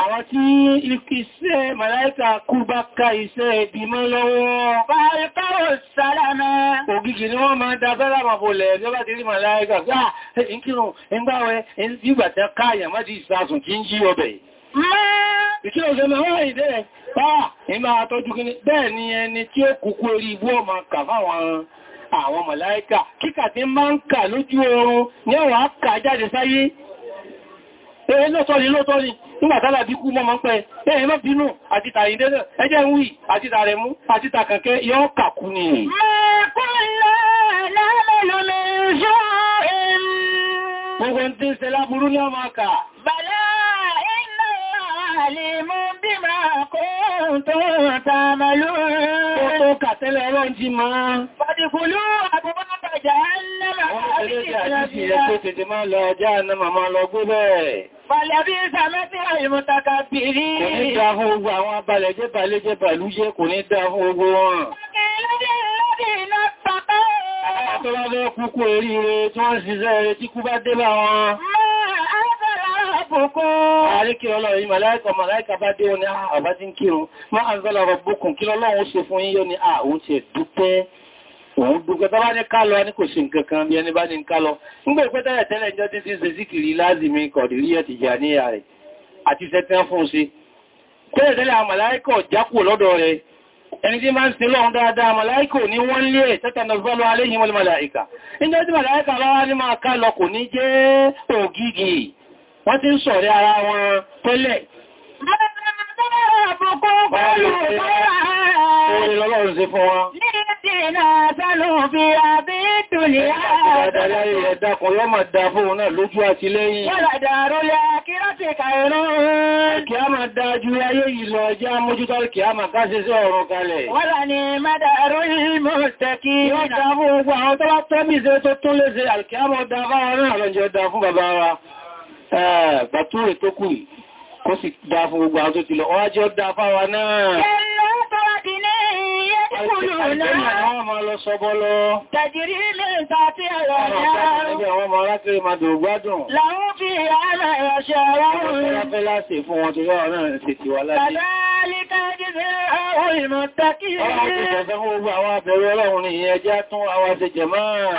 B: Àwọn tí iṣẹ́ màláìkà kú bá ká iṣẹ́ ibi mọ́ lọ́wọ́. Fáìkọ́rọ̀ sálàmà. Ògìgì ni wọ́n máa dá sálàmà bolẹ̀ ní ọba ti rí màláìkà. Gbá ìkírùn ìgbàwẹ́ ìgbàtẹ́ káàyàn má di ìsásùn kí ń jí ọbẹ̀. Ìkírùn àwọn màláìkà kíkà tí máa ń kà lójú oorun ní ọ̀wọ̀ àkà jáde sáyé ẹ̀rẹ́ lọ́tọ́ ni lọ́tọ́ ni nígbàtálà bí kú mọ́mọ́ pẹ́ ẹ̀rẹ́ lọ́ bínú àti tààrídé náà ẹjẹ́ ń wí àti tààrẹ̀mú àti tàkànkẹ́ yọ́ kàkú ni Gbogbo ń tí ń ṣe láburú ní ọmọ ọkà. Bàlá iná àlè tẹ́lẹ̀ ọlọ́run ti mọ́. Fàdìkùlú àbúbá bàjá lẹ́mà àbí ìrìnàjò Fàlẹ́bí tí wọ́n ṣiṣẹ́ rẹ̀ tí kú bá dé bá wọn rabbukum. Àríkí ọlọ́run màláìkà òun gbogbo tó ní ká ní kò ṣe nǹkan bí ẹni bá ní ká ń gbé ìpẹ́ tẹ́lẹ̀ tẹ́lẹ̀ ìjọ títí tí ń sin lọ́run dáadáa màláíkọ̀ ní ẹ̀ tẹ́tẹ̀ nàzọ́lọ́ aléhìn mọ́lẹ̀ màláíkà. ìjọ́ tí màláíkà lọ́wọ́ ní máa wọ́n ti ń sọ̀rẹ́ ara wọn tẹ́lẹ̀ Ọlọ́run ṣe fún wọn. Ní ìdí náà sálò fi àbí ìtùlé àádọ́. Ẹ̀dà kan yọ́ máa dá fún náà lójú àti lẹ́yìn. Wọ́lọ̀dà rólẹ̀ kí láti kàìrún. Kí a máa dá ju ayé yìí lọ jẹ́ àmójútó kí a máa káṣẹ́ sí ọ̀rọ̀ kalẹ̀. Wọ́lá ni mẹ́dà rólẹ̀ mọ́ tẹ́kí. Wọ́n dá fún gbogbo àwọn tó bá tẹ́bí Eh, bàtúrẹ̀ tó kù kó sì dá fún gbogbo àwọn tó ti lọ ọwájọ́ dá fáwa náà Tàjírí ilé ìtàtí ẹ̀rọ ẹ̀rọ ọmọ arákiri máa dùn gbádùn. Láwọn fi ààrẹ ìrọ̀ṣẹ́ ọ̀rọ̀ ìrìn. Láfẹ́ láti fún wọn tó yọ́ náà ti ti wà láti. Tàbí
A: alíkà jíze àwọn
B: ìmọ̀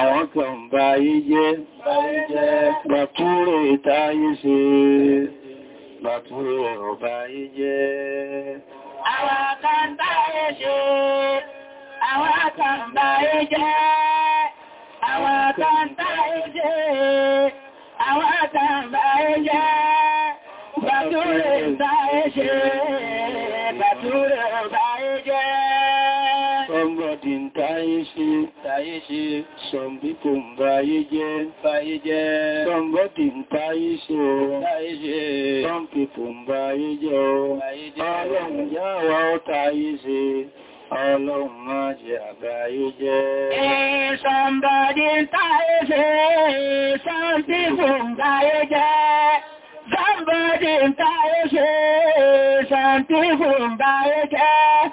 B: àwọn kan bá yí jẹ́ bàtúrò ìtayé ṣe bàtúrò ọ̀bá yí jẹ́ àwọn
A: kan táyé ṣe àwọn kan bá yí jẹ́ kan táyé ṣe àwọn kan bá yí
B: jẹ́ láyé ṣe ṣọ̀mbí kò ń báyé jẹ́ fáyé jẹ́ somebody ń táyé ṣe o ṣe some people ń báyé jẹ́ o ọlọ́run yá wa ó táyé ṣe ọlọ́run má jẹ́ àgbáyé eh, jẹ́ somebody ń táyé ṣe some people ń báyé
A: jẹ́ somebody ń táyé ṣe some báyé jẹ́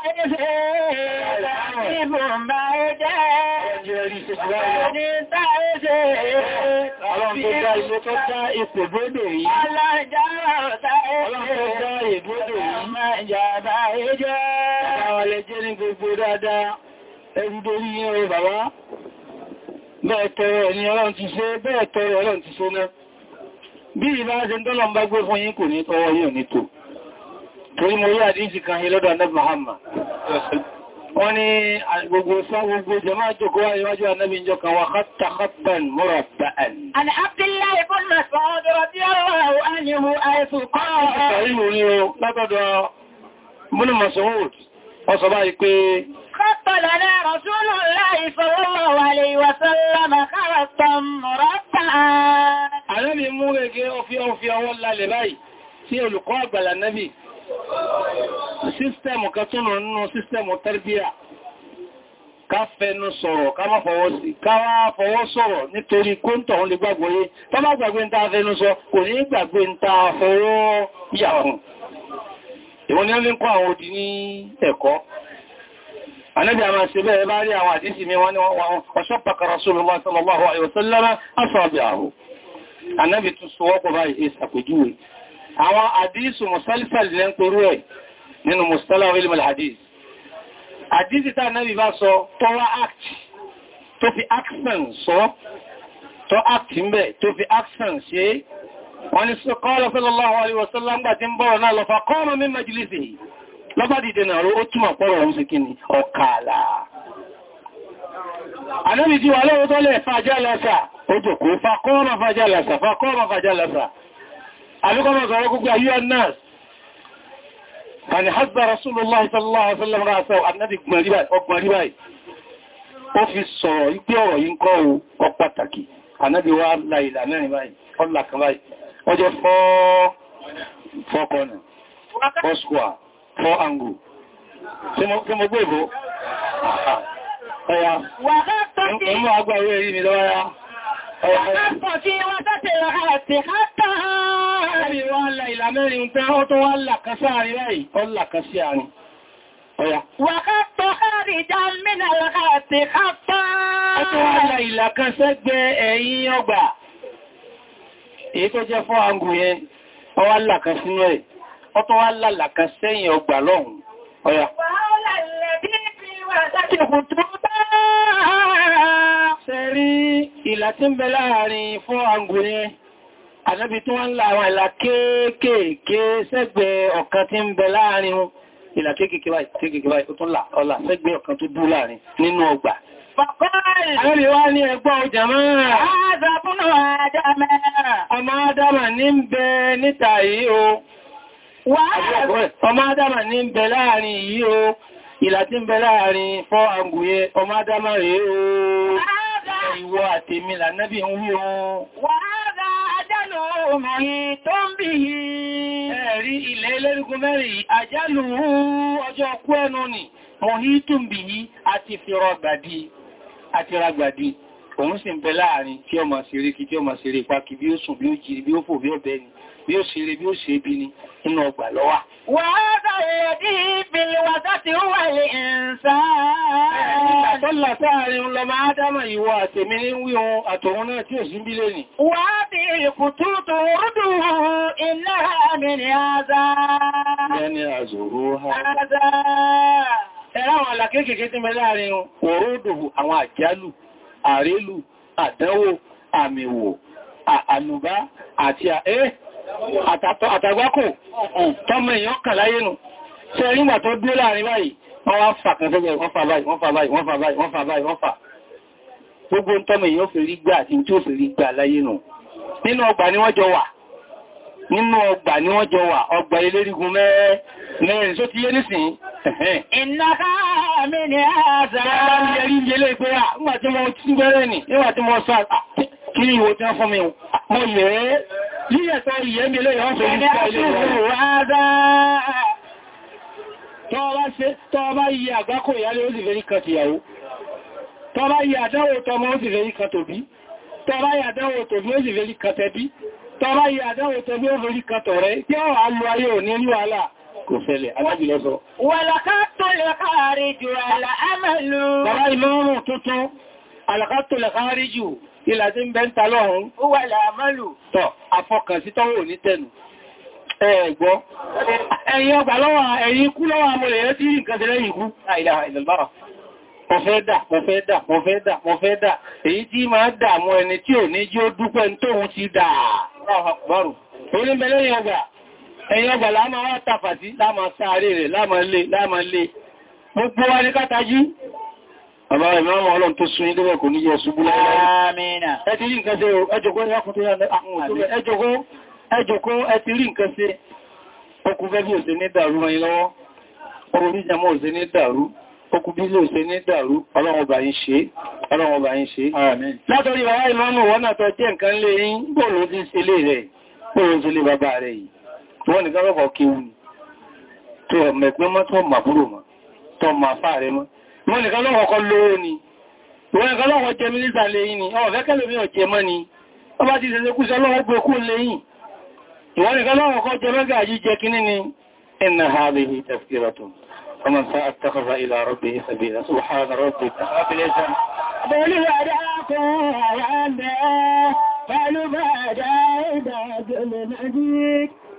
A: Ọlọ́run tó dá
B: iṣẹ́ tó dá ipò gbódò yìí. Alájára ọ̀tá ẹ̀ṣẹ́. Ọlọ́run tó dá ìgbódò yìí. Máa jàdá ẹjọ́. Àwọn ẹlẹ́jẹ́ ní gbogbo dáadáa. Ẹgbùn dorí yẹn rẹ̀ bàbá. Bẹ́ẹ̀ tẹrẹ ni ọlọ́run ti ṣe, bẹ́ẹ̀ tẹrẹ ọlọ́run ti ṣe náà. Bí ìbá ṣe ń tọ́lọ torí mo rí àdíjì kan ilọ́dọ̀ annabi Muhammad wọ́n ni gbogbo sán gbogbo jẹmá jòkó wá iwájú annabi ìjọ kan wà khatta khattan murabba'an
A: Al-Abdillah ibn Mas'ud radiyallahu anhu àìsù
B: kọ́ قبلنا رسول الله صلى الله عليه وسلم خلصا مربعا Àlẹ́bí mú rẹ̀ gẹ́ ọfí ọfí ọwọ́ lálẹ̀ báyìí tí olùkọ́ àgbàlà náà sístẹ̀mù kan tó lọ nínú sístẹ̀mù tẹ́rbíà ká fẹnu sọ̀rọ̀ ká má fọwọ́ sí ká wá fọwọ́ sọ̀rọ̀ nítorí kóńtọ̀ ń lè gbàgbọ́ yé tó gbàgbé ń ta fẹnu sọ kò ní gbàgbé ń ta fọwọ́ yàwùn ìwọ́n ni ó lè kọ́ àwọn ní ẹ̀kọ́ àmà ṣe bẹ́ẹ̀ bá rí àwọn àdísì mi wọ́n ni wọ́n sọ àwọn àdísù mùsálísàl lẹ́ ń torú ẹ̀ nínú mùsálà ilmul hadis àdísì tá náà bá sọ tó wá act tó fi accent sọ tó act ń bẹ̀ tó fi accent ṣe wọ́n ni sọ qala sallallahu alaihi wasallam gbà tí ń bọ́rọ̀ náà lọ fa qama min ó túnmọ̀ pọ́rọ̀ ọ̀hún sí kíni ọ̀kààlà Ànábì jí wà lọ́wọ́ àbíkọ́mọ̀ sọ̀rọ̀ gbogbo ayé annas kàní hasbà rasulullah sallallahu alaihi wasallam ra'sahu annabi ọgbọ̀n rí báyìí ó fi sọ̀rọ̀ ikpe ọ̀rọ̀ yi ń kọ́ ọ pàtàkì wa la mẹ́rin báyìí Ọ̀pọ̀ tí wọ́n tẹ́tẹ̀ àti hátà àárín wọ́n la ìlàmẹ́rin pẹ́ ọ́ tó wọ́n làkásí àárín rẹ̀ ọ̀làkásí àárín. Wàkátọ̀ àríjá mínà àti hátà. Ó tó wọ́n la ìlàkásẹ́gbẹ́ ẹ̀yìn ọgbà. Èyí tó jẹ́ fọ́ àngùn tẹ́rí ìlà tí ń bẹ láàrin fún àngò yẹn tó wá ń àwọn ìlà kéèkéèké sẹ́gbẹ̀ẹ́ ọ̀kan tí ń bẹ láàrin ìlà kéèkéèké báyìí tó tún là ọlà sẹ́gbẹ̀ẹ́ ọ̀kan tó dú láàrin nínú ọgbà Àrí ń bẹ láàrin fọ́ àgùyẹ ọmọ Ádámà rèé o ìwọ àtèmi lànàbí ń wí ohun. Wàhálà àjálù mẹ́rin tó ń bí i. Ẹ̀rí ilẹ̀ elérúgún mẹ́rin àjálù ọjọ́ kú ẹnu nì, mọ̀hí tó ń bí i àti fìrọgbàdì, Òun sì ń bẹ láàrin tí ọmọ ṣeré kí tí ọmọ ṣeré pa kí bí ó sùn bí ó jìrì bí ó fò bí ó bẹ́ni bí ó ṣe rẹ bí ó ṣe bí ni nínú ọgbà lọ́wà. Wà á bàrẹ̀ ní ìpínlẹ̀ wàtá ti ó wà lè ẹ̀ǹsáà. Àtọ́lá táàrin lọ máa dámà ìwọ àtẹ̀mí ní wí ohun àtọ̀run náà tí ò sí bí lẹ́nì. Wà á bí ìkù tútù rúdù iná àmì ni àzá. Lẹ́ni àzòrò ha. Àzá. Ẹ̀rọ àwọn àlàkékèké tí mẹ láàrin òródò àwọn àjálù, àrélù, àdánwò, àmìwò, ànùbá àti àẹ́ àtàgbákò tọ́mọ èèyàn kà láyé nù tí ẹ̀rí ìgbà tó dé láàrin báyìí wọ́n wá fà kan sẹ́gbẹ̀ wọ́n fà báyìí wọ́n fà báyìí wọ́n fà báyìí wọ́n fà báyìí wọ́n fà gbogbo tọ́mọ èèyàn fi rí gbà àti tí ó fi rí gbà láyé nù nínú ọgbà ni wọ́n jọ wà nínú ọgbà ni wọ́n jọ wà ọgbà ilérigun mẹ́rin tó ti yé nísìn
A: iná káàmì ni ààzà ẹ̀rí ilé ìgbéyà nígbà
B: tí wọ́n ti bẹ̀rẹ̀ nì nígbà tí wọ́n sọ kí ìwò tí wọ́n fún mi mo lè yíyẹ̀ta ìyẹ́mìlẹ̀ yọ́ fẹ́ tọ́ọ̀bá yìí àgbákò ìyálé ó sì fẹ́ ìkà tìyàwó tọ́ọ̀bá yìí àdáwò tọmọ ó sì fẹ́ ìkà tòbí tọ́ọ̀bá yìí àdáwò tòbí ó sì fẹ́ ìkà tẹ́bí tọ́ọ̀bá yìí àdáwò tọmọ ó fẹ́ ìkà tọ̀rẹ́ yọ́ àlú ayé ò ní wàhálà kò fẹ́lẹ̀ alájìlọ́sọ Wàlàkátò lè kárìjù ìlà tí ń bẹ́ ń ta lọ́run ó wà láàmálù tọ̀ àfọkànsí tọ́wọ́ ní tẹnu ẹ̀gbọ́ ẹ̀yìn ọgbà lọ́wọ́ ẹ̀yìn ikú lọ́wọ́ amọ̀lẹ̀ yẹ́ tí nǹkan tẹ́lẹ̀ ikú Mọ̀fẹ́ dà, mọ̀fẹ́ dà, mọ̀fẹ́ dà, mọ̀fẹ́ dà, èyí tí máa dà mọ́ ẹni tí ò ní jí ó dúpẹ́ ń tóhun ti dà. Olúmbẹ̀lẹ́ ẹ̀yìn ọgbà, ẹ̀yìn ọgbà láàmà wá tàfàtí, láàmà sáàrí rẹ̀, láàmà lé, láàmà lé. Bàbá ìmọ̀ ọlọ́run tó sún ìdẹ́wẹ̀ kò ní yọ ṣubú láàmìnà. Ẹ ti rí nǹkan ṣe ẹjọ́kó ẹjọ́kó ẹ ti rí nǹkan ṣe okùn bẹ́bí òṣè ní dàrú wọn lọ́wọ́. Orúrí jẹmọ́ òṣè ní dàrú, okùn bí ilé òṣè ní dàrú, ọlọ́run ọba yín ṣe, ọlọ́run ọba yín ṣe. Látọ̀rí bàbá ìmọ̀ ọ̀nà wọ́n náà tọ́ jẹ́ nǹkan lé ọmọ ẹ̀gbẹ́ mọ́ tó ọmọ àbúrò mọ́, tó ọmọ àfáà rẹ̀ mọ́ mo nìkan lọ́wọ́ kọ lóòrò ni mo nìkan lọ́wọ́ jẹ mínísà lẹ́yìn ni ọ̀ fẹ́kẹ́lò mi ọ̀jẹ mọ́ ni ọ bá ti ṣẹ̀ṣẹ̀ kú sọ́lọ́wọ́ gbé kú lẹ́yìn ìwọ́n nìkan lọ́wọ́ kọ jẹ mẹ́gà yí jẹ kíní ni